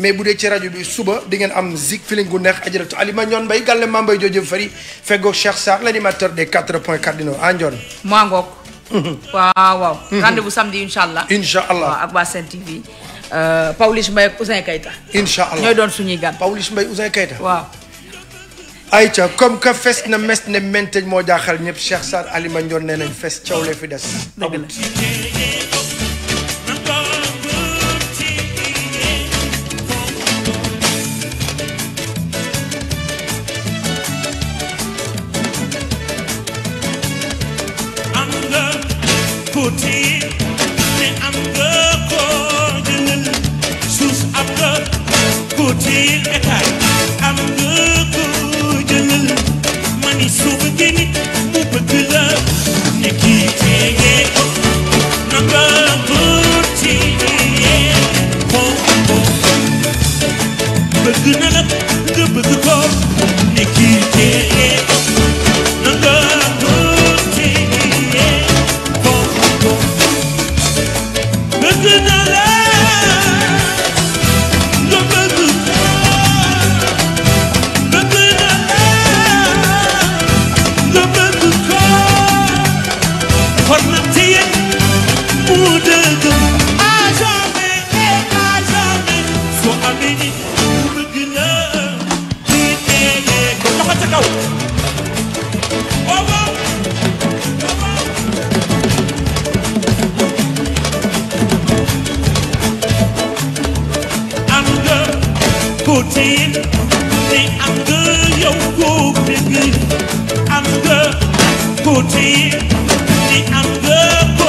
mais bu dee ci rajo bi suba di am zik feeling gu neex ajaratu Alima Ndione mbay gàlle maa mbay jooju fari feggoog Cheikh Sarr l' animateur des quatre points cardinaux ah Ndione. maa ngoog. waaw waaw. Mm-hmm. rendez-vous samedi incha allah. incha allah waaw ak waa Sen TV. Euh, Pawlish Mbaye ak Ouzin Keita. incha allah ñooy doon suñuy gan. Pawlish Mbaye Ouzin Keita. waaw. ayca comme que fes na mes ne menteñ moo jaaxal ñëpp Cheikh Sarr Alima Ndione nee nañ fes cawle fi des. dëgg la tuuti te am nga koo gënal suuf am nga tuuti bétail am nga koo jëlal mani su bëggee nit mu bëgg la ne kii tege ko na nga tuuti ko ko bëgg na la nga bëgg ko siin te am nga yow ku bëgg am nga